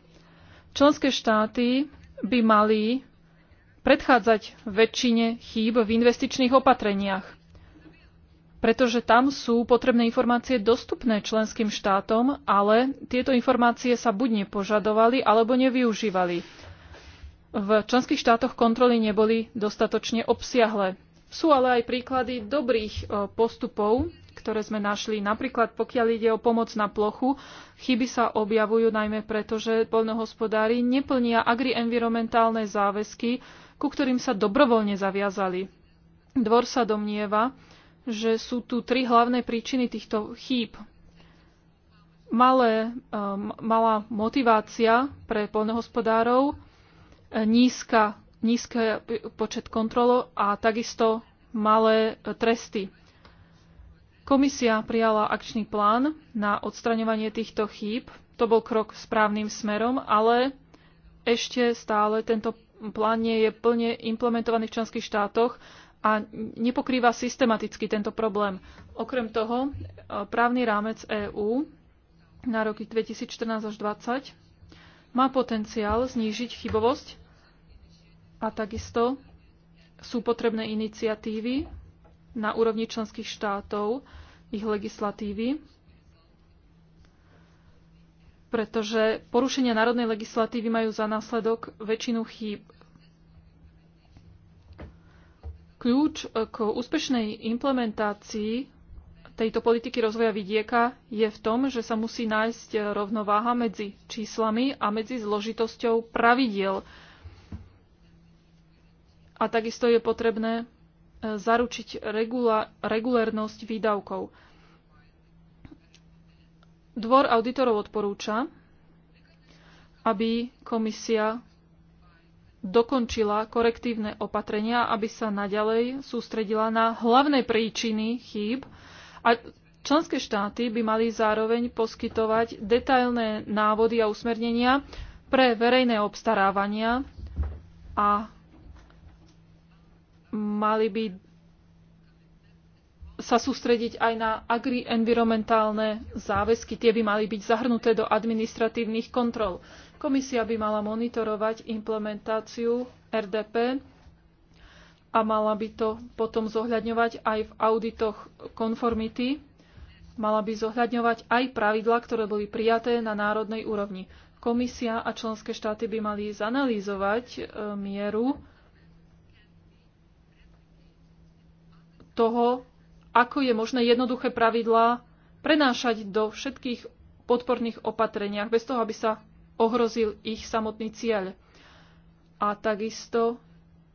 Členské štáty by mali predchádzať väčšine chýb v investičných opatreniach, pretože tam sú potrebné informácie dostupné členským štátom, ale tieto informácie sa buď nepožadovali, alebo nevyužívali v členských štátoch kontroly neboli dostatočne obsiahle. Sú ale aj príklady dobrých e, postupov, ktoré sme našli. Napríklad, pokiaľ ide o pomoc na plochu, chyby sa objavujú najmä preto, že poľnohospodári neplnia agrienvironmentálne záväzky, ku ktorým sa dobrovoľne zaviazali. Dvor sa domnieva, že sú tu tri hlavné príčiny týchto chýb. Malé, e, malá motivácia pre poľnohospodárov, nízka, nízky počet kontrol a takisto malé tresty. Komisia prijala akčný plán na odstraňovanie týchto chýb. To bol krok správnym smerom, ale ešte stále tento plán nie je plne implementovaný v členských štátoch a nepokrýva systematicky tento problém. Okrem toho, e, právny rámec EÚ na roky 2014 až 2020 má potenciál znížiť chybovosť a takisto sú potrebné iniciatívy na úrovni členských štátov, ich legislatívy, pretože porušenia národnej legislatívy majú za následok väčšinu chýb. Kľúč k úspešnej implementácii tejto politiky rozvoja vidieka je v tom, že sa musí nájsť rovnováha medzi číslami a medzi zložitosťou pravidiel, a takisto je potrebné e, zaručiť regula- regulérnosť výdavkov. Dvor auditorov odporúča, aby komisia dokončila korektívne opatrenia, aby sa naďalej sústredila na hlavné príčiny chýb a členské štáty by mali zároveň poskytovať detailné návody a usmernenia pre verejné obstarávania a mali by sa sústrediť aj na agri-environmentálne záväzky. Tie by mali byť zahrnuté do administratívnych kontrol. Komisia by mala monitorovať implementáciu RDP a mala by to potom zohľadňovať aj v auditoch konformity. Mala by zohľadňovať aj pravidlá, ktoré boli prijaté na národnej úrovni. Komisia a členské štáty by mali zanalýzovať e, mieru toho, ako je možné jednoduché pravidlá prenášať do všetkých podporných opatreniach, bez toho, aby sa ohrozil ich samotný cieľ. A takisto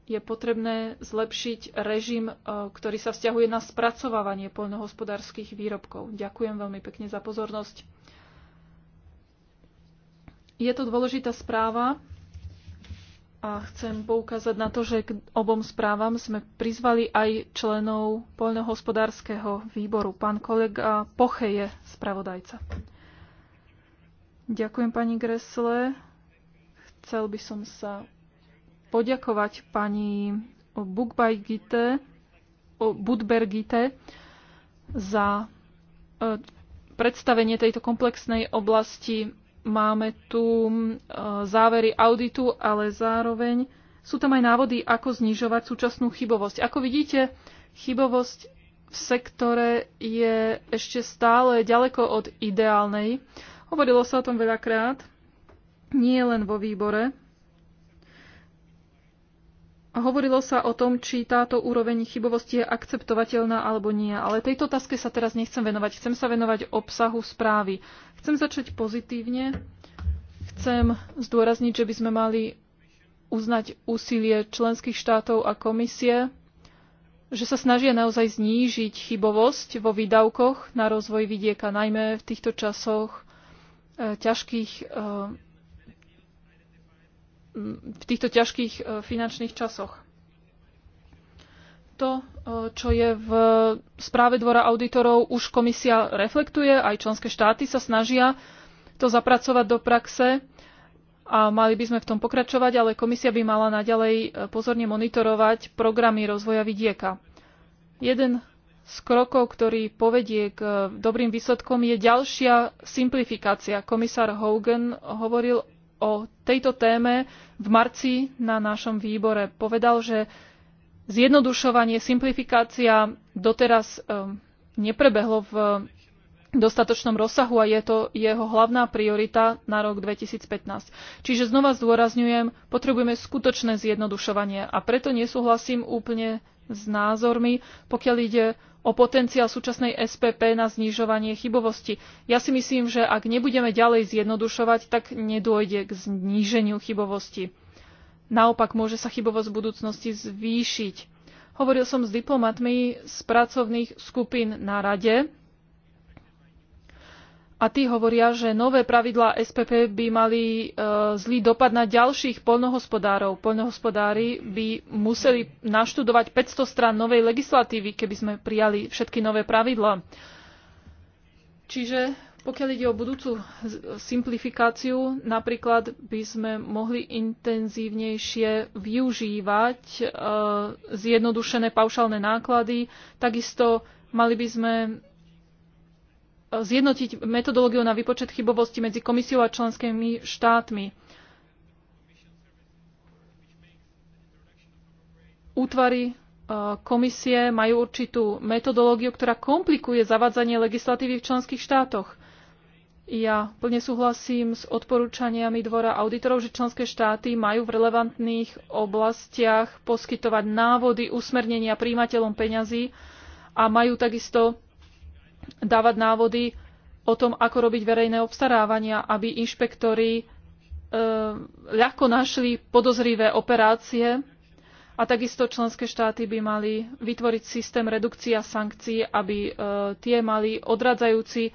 je potrebné zlepšiť režim, e, ktorý sa vzťahuje na spracovávanie poľnohospodárskych výrobkov. Ďakujem veľmi pekne za pozornosť. Je to dôležitá správa, a chcem poukázať na to, že k obom správam sme prizvali aj členov poľnohospodárskeho výboru. Pán kolega Poche je spravodajca. Ďakujem pani Gresle. Chcel by som sa poďakovať pani Budbergite za e, predstavenie tejto komplexnej oblasti Máme tu e, závery auditu, ale zároveň sú tam aj návody, ako znižovať súčasnú chybovosť. Ako vidíte, chybovosť v sektore je ešte stále ďaleko od ideálnej. Hovorilo sa o tom veľakrát, nie len vo výbore. Hovorilo sa o tom, či táto úroveň chybovosti je akceptovateľná alebo nie, ale tejto otázke sa teraz nechcem venovať. Chcem sa venovať obsahu správy. Chcem začať pozitívne. Chcem zdôrazniť, že by sme mali uznať úsilie členských štátov a komisie, že sa snažia naozaj znížiť chybovosť vo výdavkoch na rozvoj vidieka, najmä v týchto časoch eh, ťažkých eh, Mm, v týchto ťažkých e, finančných časoch. To, e, čo je v správe Dvora auditorov, už komisia reflektuje, aj členské štáty sa snažia to zapracovať do praxe a mali by sme v tom pokračovať, ale komisia by mala naďalej e, pozorne monitorovať programy rozvoja vidieka. Jeden z krokov, ktorý povedie k dobrým výsledkom, je ďalšia simplifikácia. Komisár Hogan hovoril o tejto téme v marci na našom výbore. Povedal, že zjednodušovanie, simplifikácia doteraz um, neprebehlo v dostatočnom rozsahu a je to jeho hlavná priorita na rok 2015. Čiže znova zdôrazňujem, potrebujeme skutočné zjednodušovanie a preto nesúhlasím úplne s názormi, pokiaľ ide o potenciál súčasnej SPP na znižovanie chybovosti. Ja si myslím, že ak nebudeme ďalej zjednodušovať, tak nedôjde k zníženiu chybovosti. Naopak môže sa chybovosť v budúcnosti zvýšiť. Hovoril som s diplomatmi z pracovných skupín na rade a tí hovoria, že nové pravidlá SPP by mali e, zlý dopad na ďalších poľnohospodárov. Poľnohospodári by museli naštudovať 500 strán novej legislatívy, keby sme prijali všetky nové pravidlá. Čiže pokiaľ ide o budúcu simplifikáciu, napríklad by sme mohli intenzívnejšie využívať e, zjednodušené paušálne náklady, takisto mali by sme zjednotiť metodológiu na výpočet chybovosti medzi komisiou a členskými štátmi. Útvary e, komisie majú určitú metodológiu, ktorá komplikuje zavádzanie legislatívy v členských štátoch. Ja plne súhlasím s odporúčaniami Dvora auditorov, že členské štáty majú v relevantných oblastiach poskytovať návody, usmernenia príjimateľom peňazí a majú takisto dávať návody o tom, ako robiť verejné obstarávania, aby inšpektori e, ľahko našli podozrivé operácie a takisto členské štáty by mali vytvoriť systém redukcia sankcií, aby e, tie mali odradzajúci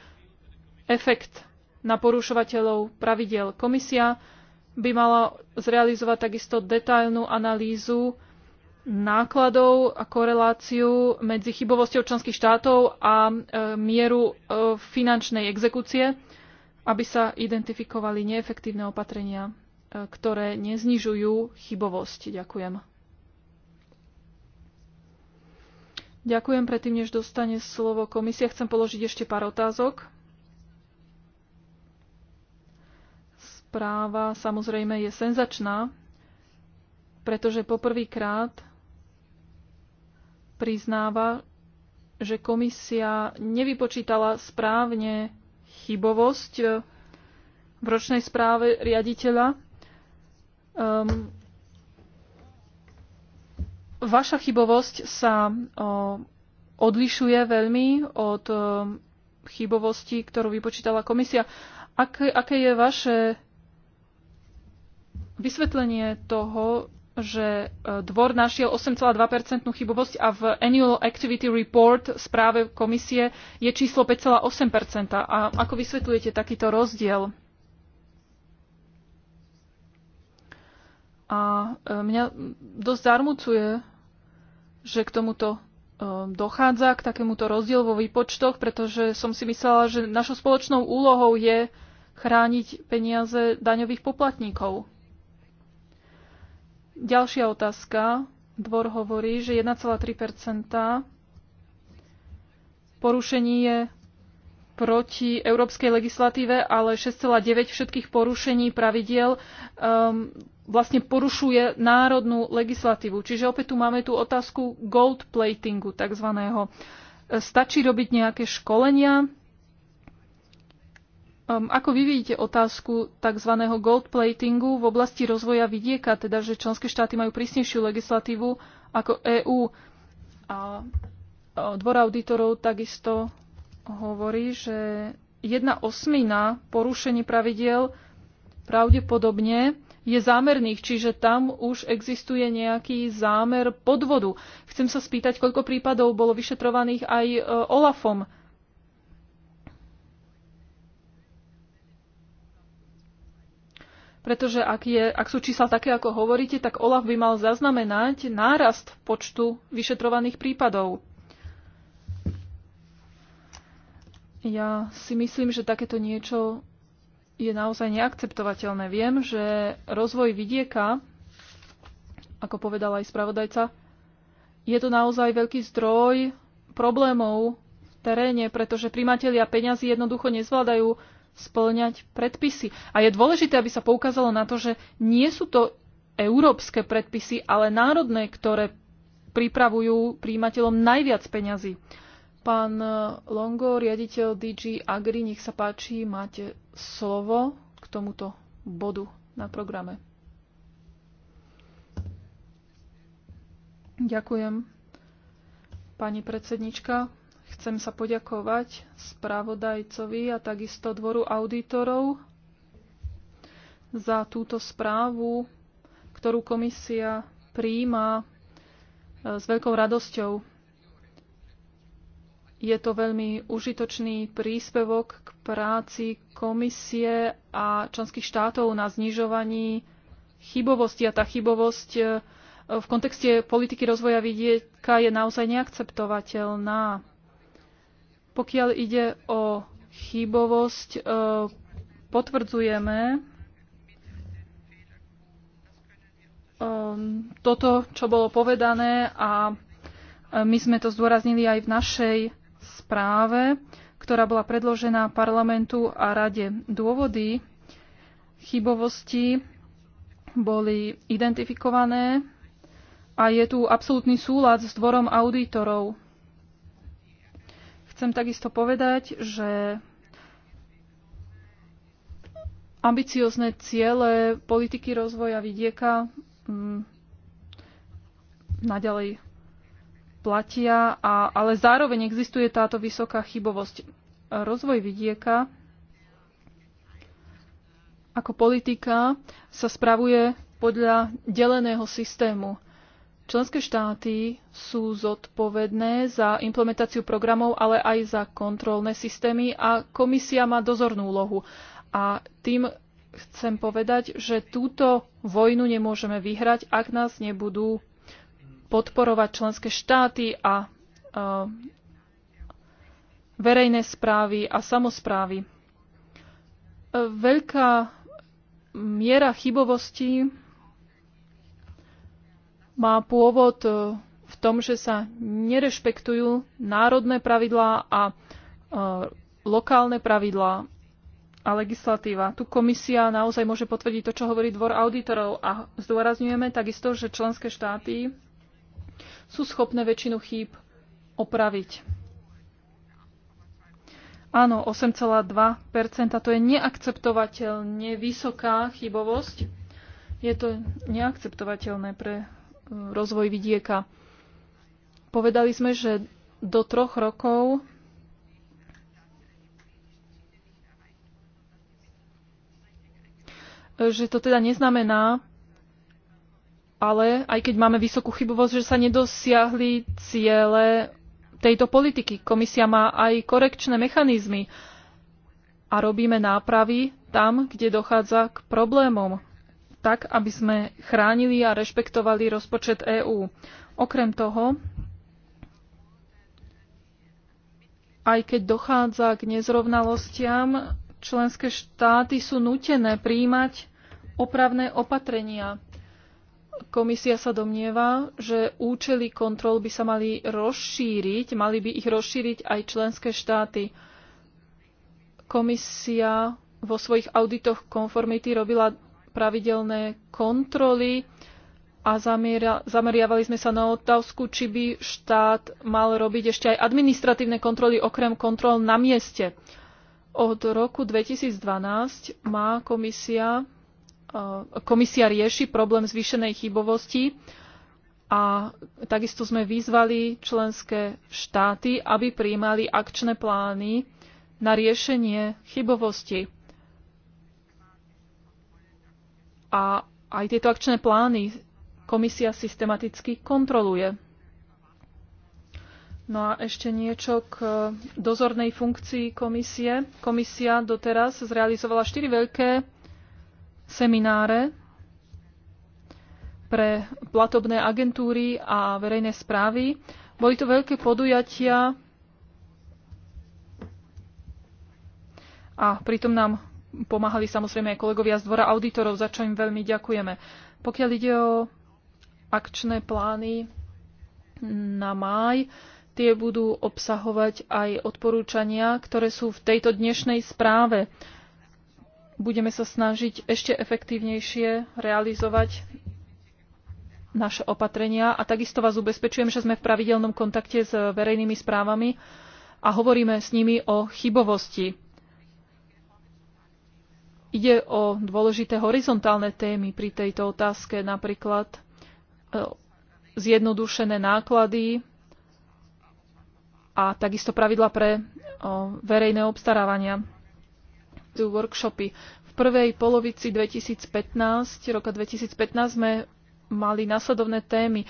efekt na porušovateľov pravidel. Komisia by mala zrealizovať takisto detailnú analýzu nákladov a koreláciu medzi chybovosťou členských štátov a e, mieru e, finančnej exekúcie, aby sa identifikovali neefektívne opatrenia, e, ktoré neznižujú chybovosť. Ďakujem. Ďakujem. Predtým, než dostane slovo komisia, chcem položiť ešte pár otázok. Správa samozrejme je senzačná, pretože poprvýkrát priznáva, že komisia nevypočítala správne chybovosť e, v ročnej správe riaditeľa. Um, vaša chybovosť sa um, odlišuje veľmi od um, chybovosti, ktorú vypočítala komisia. Ak, aké je vaše vysvetlenie toho, že e, dvor našiel 8,2% chybovosť a v Annual Activity Report správe komisie je číslo 5,8%. A ako vysvetľujete takýto rozdiel? A e, mňa dosť zarmucuje, že k tomuto e, dochádza, k takémuto rozdielu vo výpočtoch, pretože som si myslela, že našou spoločnou úlohou je chrániť peniaze daňových poplatníkov. Ďalšia otázka. Dvor hovorí, že 1,3 porušení je proti európskej legislatíve, ale 6,9 všetkých porušení pravidiel um, vlastne porušuje národnú legislatívu. Čiže opäť tu máme tú otázku gold platingu takzvaného. Stačí robiť nejaké školenia, Um, ako vy vidíte otázku tzv. gold platingu v oblasti rozvoja vidieka, teda že členské štáty majú prísnejšiu legislatívu ako EÚ? A dvor auditorov takisto hovorí, že jedna osmina porušení pravidiel pravdepodobne je zámerných, čiže tam už existuje nejaký zámer podvodu. Chcem sa spýtať, koľko prípadov bolo vyšetrovaných aj e, OLAFom pretože ak, je, ak sú čísla také, ako hovoríte, tak OLAF by mal zaznamenať nárast počtu vyšetrovaných prípadov. Ja si myslím, že takéto niečo je naozaj neakceptovateľné. Viem, že rozvoj vidieka, ako povedal aj spravodajca, je to naozaj veľký zdroj problémov v teréne, pretože primatelia peňazí jednoducho nezvládajú splňať predpisy. A je dôležité, aby sa poukázalo na to, že nie sú to európske predpisy, ale národné, ktoré pripravujú príjimateľom najviac peňazí. Pán eh, Longo, riaditeľ DG Agri, nech sa páči, máte slovo k tomuto bodu na programe. Ďakujem, pani predsednička. Chcem sa poďakovať spravodajcovi a takisto dvoru auditorov za túto správu, ktorú komisia príjma e, s veľkou radosťou. Je to veľmi užitočný príspevok k práci komisie a členských štátov na znižovaní chybovosti a tá chybovosť e, v kontexte politiky rozvoja vidieka je naozaj neakceptovateľná. Pokiaľ ide o chybovosť, e, potvrdzujeme e, toto, čo bolo povedané a e, my sme to zdôraznili aj v našej správe, ktorá bola predložená parlamentu a rade. Dôvody chybovosti boli identifikované a je tu absolútny súlad s dvorom auditorov. Chcem takisto povedať, že ambiciozne ciele politiky rozvoja vidieka m, mm, naďalej platia, a, ale zároveň existuje táto vysoká chybovosť. Rozvoj vidieka ako politika sa spravuje podľa deleného systému. Členské štáty sú zodpovedné za implementáciu programov, ale aj za kontrolné systémy a komisia má dozornú úlohu. A tým chcem povedať, že túto vojnu nemôžeme vyhrať, ak nás nebudú podporovať členské štáty a uh, verejné správy a samozprávy. Veľká miera chybovosti má pôvod e, v tom, že sa nerešpektujú národné pravidlá a e, lokálne pravidlá a legislatíva. Tu komisia naozaj môže potvrdiť to, čo hovorí dvor auditorov a zdôrazňujeme takisto, že členské štáty sú schopné väčšinu chýb opraviť. Áno, 8,2 to je neakceptovateľne vysoká chybovosť. Je to neakceptovateľné pre rozvoj vidieka. Povedali sme, že do troch rokov že to teda neznamená, ale aj keď máme vysokú chybovosť, že sa nedosiahli ciele tejto politiky. Komisia má aj korekčné mechanizmy a robíme nápravy tam, kde dochádza k problémom tak, aby sme chránili a rešpektovali rozpočet EÚ. Okrem toho, aj keď dochádza k nezrovnalostiam, členské štáty sú nutené príjmať opravné opatrenia. Komisia sa domnieva, že účely kontrol by sa mali rozšíriť, mali by ich rozšíriť aj členské štáty. Komisia vo svojich auditoch konformity robila pravidelné kontroly a zamieria, zameriavali sme sa na otázku, či by štát mal robiť ešte aj administratívne kontroly okrem kontrol na mieste. Od roku 2012 má komisia, eh, komisia rieši problém zvýšenej chybovosti a takisto sme vyzvali členské štáty, aby prijímali akčné plány na riešenie chybovosti. a aj tieto akčné plány komisia systematicky kontroluje. No a ešte niečo k dozornej funkcii komisie. Komisia doteraz zrealizovala štyri veľké semináre pre platobné agentúry a verejné správy. Boli to veľké podujatia a pritom nám pomáhali samozrejme aj kolegovia z dvora auditorov, za čo im veľmi ďakujeme. Pokiaľ ide o akčné plány na máj, tie budú obsahovať aj odporúčania, ktoré sú v tejto dnešnej správe. Budeme sa snažiť ešte efektívnejšie realizovať naše opatrenia a takisto vás ubezpečujem, že sme v pravidelnom kontakte s verejnými správami a hovoríme s nimi o chybovosti. Ide o dôležité horizontálne témy pri tejto otázke, napríklad e, zjednodušené náklady a takisto pravidla pre verejné obstarávania workshopy. V prvej polovici 2015, roka 2015 sme mali nasledovné témy.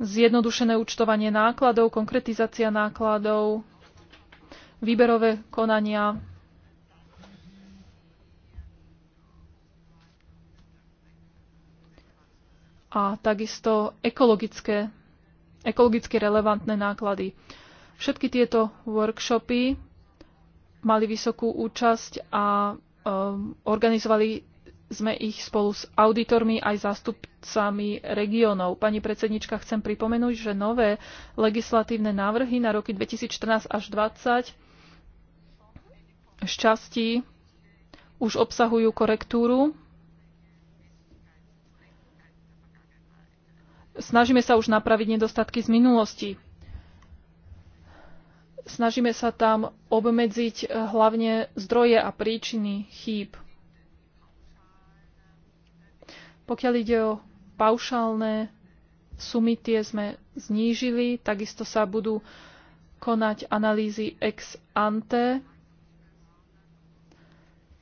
Zjednodušené účtovanie nákladov, konkretizácia nákladov, výberové konania, a takisto ekologické, ekologicky relevantné náklady. Všetky tieto workshopy mali vysokú účasť a um, organizovali sme ich spolu s auditormi aj zástupcami regiónov. Pani predsednička, chcem pripomenúť, že nové legislatívne návrhy na roky 2014 až 2020 z časti už obsahujú korektúru Snažíme sa už napraviť nedostatky z minulosti. Snažíme sa tam obmedziť eh, hlavne zdroje a príčiny chýb. Pokiaľ ide o paušálne sumy, tie sme znížili, takisto sa budú konať analýzy ex ante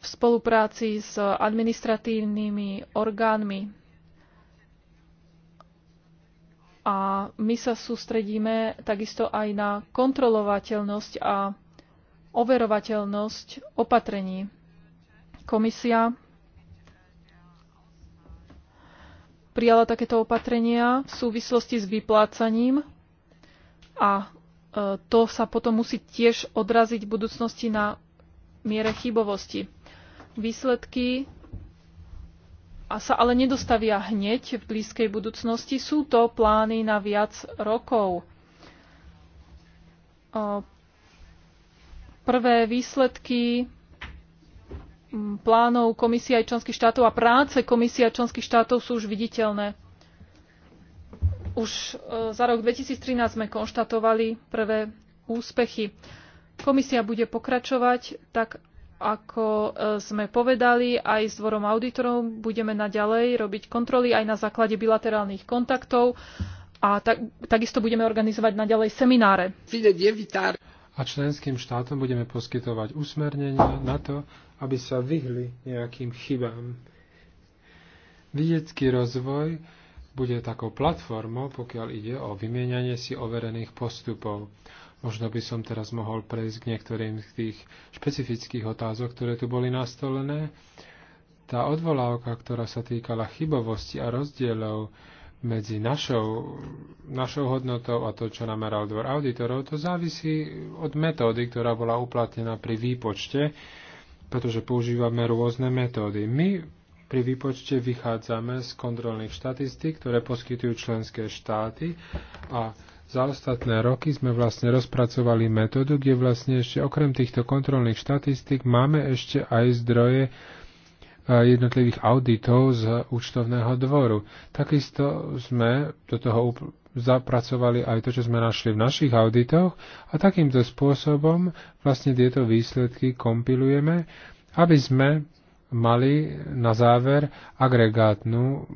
v spolupráci s administratívnymi orgánmi a my sa sústredíme takisto aj na kontrolovateľnosť a overovateľnosť opatrení. Komisia prijala takéto opatrenia v súvislosti s vyplácaním a e, to sa potom musí tiež odraziť v budúcnosti na miere chybovosti. Výsledky a sa ale nedostavia hneď v blízkej budúcnosti. Sú to plány na viac rokov. Prvé výsledky plánov Komisie aj členských štátov a práce Komisie aj členských štátov sú už viditeľné. Už za rok 2013 sme konštatovali prvé úspechy. Komisia bude pokračovať tak, ako e, sme povedali, aj s dvorom auditorov budeme naďalej robiť kontroly aj na základe bilaterálnych kontaktov a tak, takisto budeme organizovať naďalej semináre. A členským štátom budeme poskytovať usmernenia na to, aby sa vyhli nejakým chybám. Vidiecký rozvoj bude takou platformou, pokiaľ ide o vymienianie si overených postupov. Možno by som teraz mohol prejsť k niektorým z tých špecifických otázok, ktoré tu boli nastolené. Tá odvolávka, ktorá sa týkala chybovosti a rozdielov medzi našou, našou hodnotou a to, čo nameral dvor auditorov, to závisí od metódy, ktorá bola uplatnená pri výpočte, pretože používame rôzne metódy. My pri výpočte vychádzame z kontrolných štatistík, ktoré poskytujú členské štáty a za ostatné roky sme vlastne rozpracovali metódu, kde vlastne ešte okrem týchto kontrolných štatistík máme ešte aj zdroje e, jednotlivých auditov z účtovného dvoru. Takisto sme do toho zapracovali aj to, čo sme našli v našich auditoch a takýmto spôsobom vlastne tieto výsledky kompilujeme, aby sme mali na záver agregátnu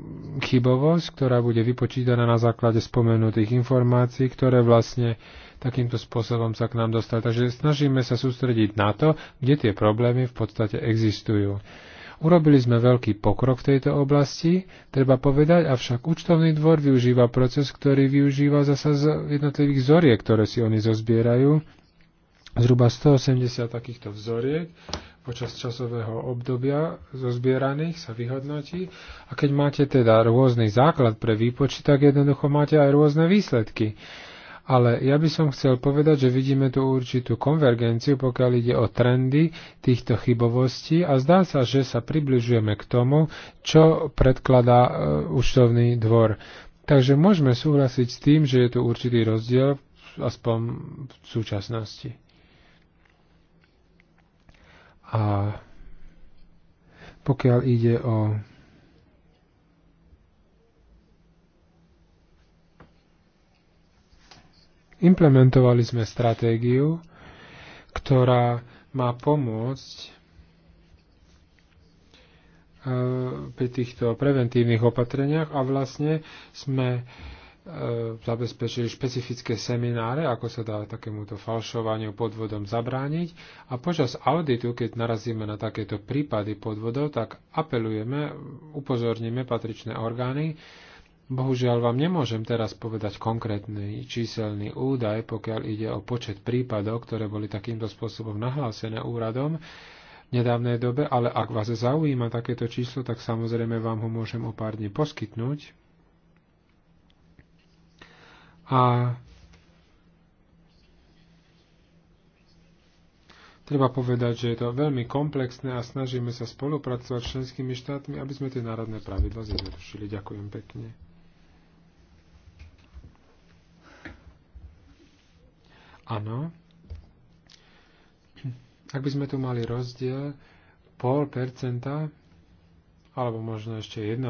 chybovosť, ktorá bude vypočítaná na základe spomenutých informácií, ktoré vlastne takýmto spôsobom sa k nám dostali. Takže snažíme sa sústrediť na to, kde tie problémy v podstate existujú. Urobili sme veľký pokrok v tejto oblasti, treba povedať, avšak účtovný dvor využíva proces, ktorý využíva zasa z jednotlivých vzoriek, ktoré si oni zozbierajú, zhruba 180 takýchto vzoriek počas časového obdobia zozbieraných sa vyhodnotí a keď máte teda rôzny základ pre výpočet, tak jednoducho máte aj rôzne výsledky. Ale ja by som chcel povedať, že vidíme tu určitú konvergenciu, pokiaľ ide o trendy týchto chybovostí a zdá sa, že sa približujeme k tomu, čo predkladá e, účtovný dvor. Takže môžeme súhlasiť s tým, že je tu určitý rozdiel, aspoň v súčasnosti. A pokiaľ ide o implementovali sme stratégiu, ktorá má pomôcť eh, pri týchto preventívnych opatreniach a vlastne sme E, zabezpečili špecifické semináre, ako sa dá takémuto falšovaniu podvodom zabrániť. A počas auditu, keď narazíme na takéto prípady podvodov, tak apelujeme, upozorníme patričné orgány. Bohužiaľ vám nemôžem teraz povedať konkrétny číselný údaj, pokiaľ ide o počet prípadov, ktoré boli takýmto spôsobom nahlásené úradom v nedávnej dobe, ale ak vás zaujíma takéto číslo, tak samozrejme vám ho môžem o pár dní poskytnúť. A treba povedať, že je to veľmi komplexné a snažíme sa spolupracovať s členskými štátmi, aby sme tie národné pravidla zjednodušili. Ďakujem pekne. Áno. Ak by sme tu mali rozdiel pol percenta alebo možno ešte 1%,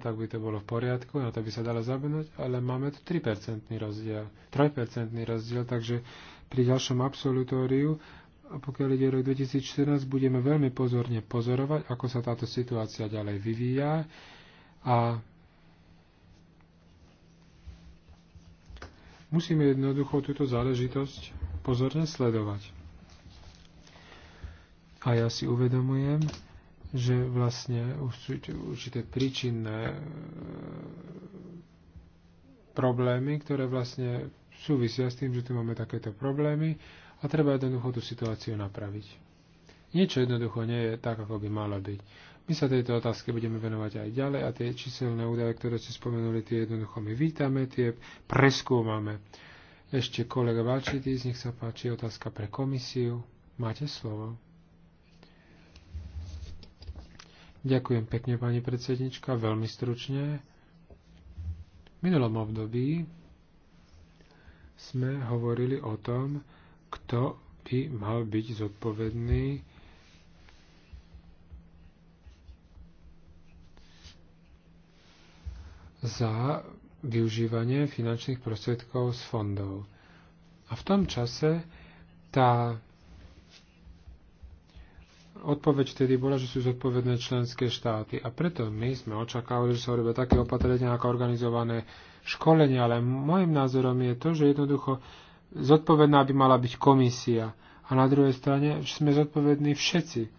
tak by to bolo v poriadku, na to by sa dalo zabenúť, ale máme tu 3% rozdiel, 3% rozdiel, takže pri ďalšom absolutóriu, a pokiaľ ide rok 2014, budeme veľmi pozorne pozorovať, ako sa táto situácia ďalej vyvíja a musíme jednoducho túto záležitosť pozorne sledovať. A ja si uvedomujem, že vlastne určité príčinné e, problémy, ktoré vlastne súvisia s tým, že tu máme takéto problémy a treba jednoducho tú situáciu napraviť. Niečo jednoducho nie je tak, ako by malo byť. My sa tejto otázke budeme venovať aj ďalej a tie číselné údaje, ktoré ste spomenuli, tie jednoducho my vítame, tie preskúmame. Ešte kolega z nich sa páči, otázka pre komisiu. Máte slovo. Ďakujem pekne, pani predsednička, veľmi stručne. V minulom období sme hovorili o tom, kto by mal byť zodpovedný za využívanie finančných prostriedkov z fondov. A v tom čase tá odpoveď vtedy bola, že sú zodpovedné členské štáty. A preto my sme očakávali, že sa robia také opatrenia ako organizované školenie, ale môjim názorom je to, že jednoducho zodpovedná by mala byť komisia. A na druhej strane sme zodpovední všetci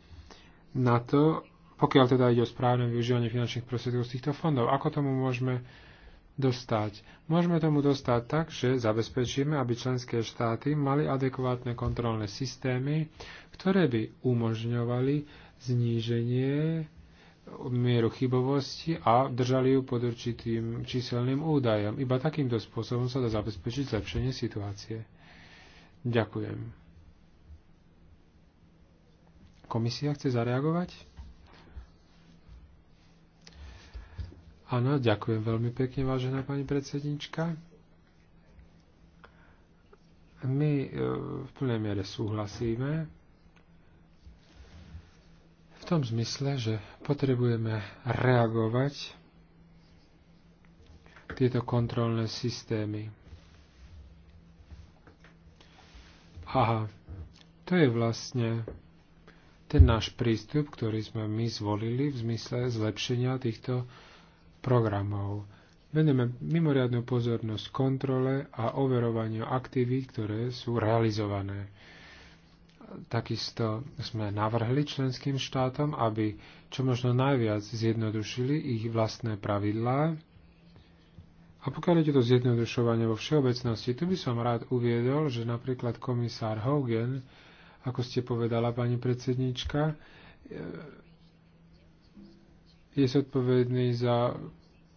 na to, pokiaľ teda ide o správne využívanie finančných prostriedkov z týchto fondov. Ako tomu môžeme dostať. Môžeme tomu dostať tak, že zabezpečíme, aby členské štáty mali adekvátne kontrolné systémy, ktoré by umožňovali zníženie mieru chybovosti a držali ju pod určitým číselným údajom. Iba takýmto spôsobom sa dá zabezpečiť zlepšenie situácie. Ďakujem. Komisia chce zareagovať? Áno, ďakujem veľmi pekne, vážená pani predsednička. My e, v plnej miere súhlasíme v tom zmysle, že potrebujeme reagovať tieto kontrolné systémy. Aha, to je vlastne ten náš prístup, ktorý sme my zvolili v zmysle zlepšenia týchto programov. Veneme mimoriadnú pozornosť kontrole a overovaniu aktivít, ktoré sú realizované. Takisto sme navrhli členským štátom, aby čo možno najviac zjednodušili ich vlastné pravidlá. A pokiaľ ide to zjednodušovanie vo všeobecnosti, tu by som rád uviedol, že napríklad komisár Hogan, ako ste povedala pani predsednička, je zodpovedný za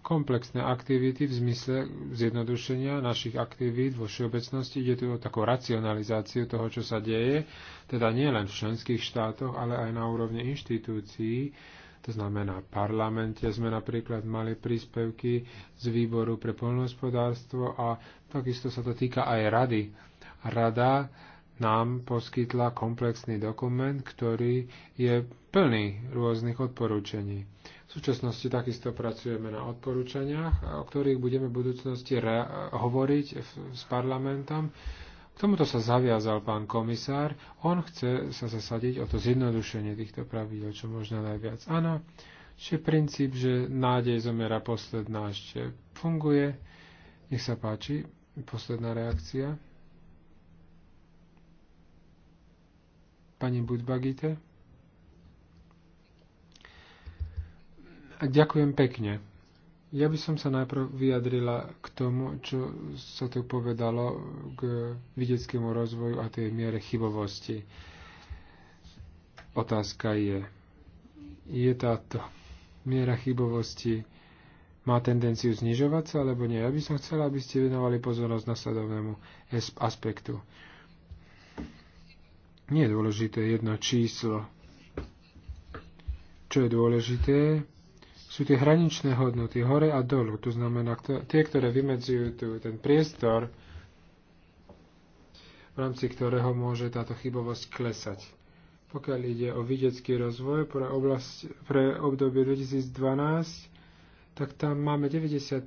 komplexné aktivity v zmysle zjednodušenia našich aktivít vo všeobecnosti. Ide tu o takú racionalizáciu toho, čo sa deje, teda nie len v členských štátoch, ale aj na úrovni inštitúcií. To znamená, v parlamente sme napríklad mali príspevky z výboru pre poľnohospodárstvo a takisto sa to týka aj rady. Rada nám poskytla komplexný dokument, ktorý je plný rôznych odporúčení. V súčasnosti takisto pracujeme na odporúčaniach, o ktorých budeme v budúcnosti hovoriť s parlamentom. K tomuto sa zaviazal pán komisár. On chce sa zasadiť o to zjednodušenie týchto pravidel, čo možno najviac. Áno, čiže princíp, že nádej zomiera posledná ešte funguje. Nech sa páči, posledná reakcia. Pani Budbagite? ďakujem pekne. Ja by som sa najprv vyjadrila k tomu, čo sa tu povedalo k videckému rozvoju a tej miere chybovosti. Otázka je, je táto miera chybovosti má tendenciu znižovať sa, alebo nie? Ja by som chcela, aby ste venovali pozornosť nasledovnému aspektu. Nie je dôležité jedno číslo. Čo je dôležité, sú tie hraničné hodnoty hore a dolu. To znamená, tie, ktoré vymedzujú tu, ten priestor, v rámci ktorého môže táto chybovosť klesať. Pokiaľ ide o vidiecký rozvoj pre, oblasti, pre obdobie 2012, tak tam máme 95 e,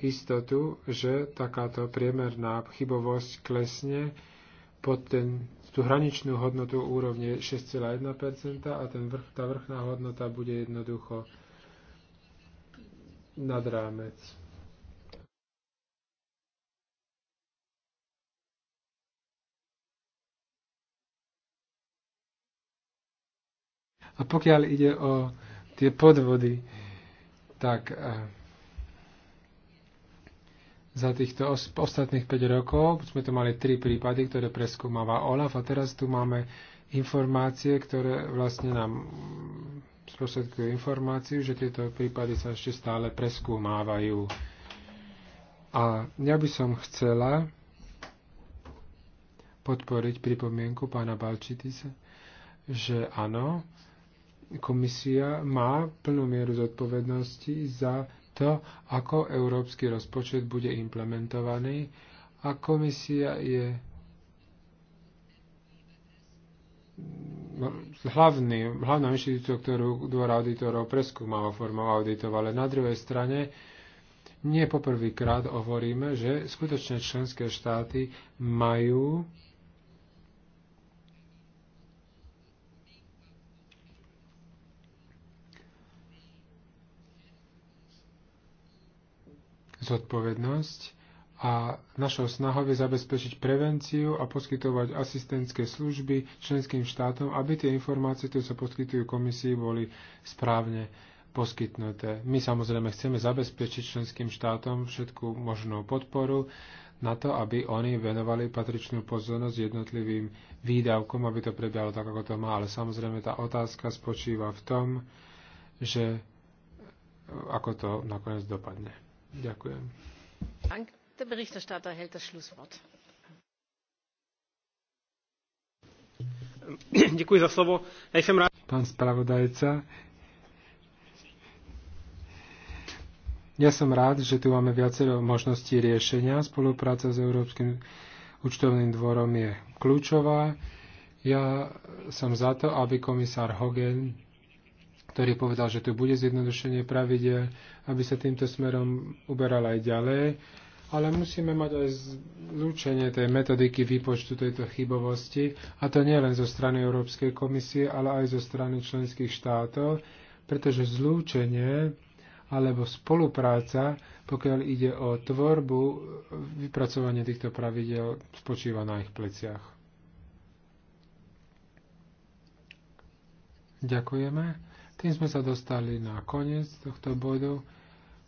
istotu, že takáto priemerná chybovosť klesne pod ten tú hraničnú hodnotu úrovne 6,1% a ten vrch, tá vrchná hodnota bude jednoducho nad rámec. A pokiaľ ide o tie podvody, tak eh, za týchto ostatných 5 rokov sme tu mali 3 prípady, ktoré preskúmava OLAF a teraz tu máme informácie, ktoré vlastne nám sprostredkujú informáciu, že tieto prípady sa ešte stále preskúmávajú. A ja by som chcela podporiť pripomienku pána Balčitisa, že áno, komisia má plnú mieru zodpovednosti za to, ako európsky rozpočet bude implementovaný a komisia je hlavný, hlavnou inštitúcia, ktorú dvor auditorov preskúmava formou auditov, ale na druhej strane nie poprvýkrát hovoríme, že skutočne členské štáty majú zodpovednosť a našou snahou je zabezpečiť prevenciu a poskytovať asistentské služby členským štátom, aby tie informácie, ktoré sa poskytujú komisii, boli správne poskytnuté. My samozrejme chceme zabezpečiť členským štátom všetku možnú podporu na to, aby oni venovali patričnú pozornosť jednotlivým výdavkom, aby to prebiehalo tak, ako to má. Ale samozrejme tá otázka spočíva v tom, že ako to nakoniec dopadne. Ďakujem. Der Berichterstatter hält das Schlusswort. Ďakujem za slovo. Ja som rád... Pán spravodajca, ja som rád, že tu máme viacero možností riešenia. Spolupráca s Európskym účtovným dvorom je kľúčová. Ja som za to, aby komisár Hogan ktorý povedal, že tu bude zjednodušenie pravidel, aby sa týmto smerom uberala aj ďalej. Ale musíme mať aj zlúčenie tej metodiky výpočtu tejto chybovosti, a to nie len zo strany Európskej komisie, ale aj zo strany členských štátov, pretože zlúčenie alebo spolupráca, pokiaľ ide o tvorbu, vypracovanie týchto pravidel spočíva na ich pleciach. Ďakujeme. Tým sme sa dostali na koniec tohto bodu.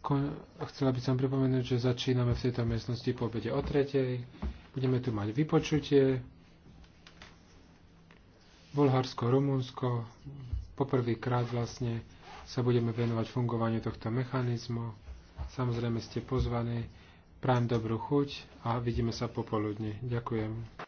Kon- chcela by som pripomenúť, že začíname v tejto miestnosti po obede o tretej. Budeme tu mať vypočutie. Bulharsko, Rumunsko. Poprvýkrát vlastne sa budeme venovať fungovaniu tohto mechanizmu. Samozrejme ste pozvaní. Prajem dobrú chuť a vidíme sa popoludne. Ďakujem.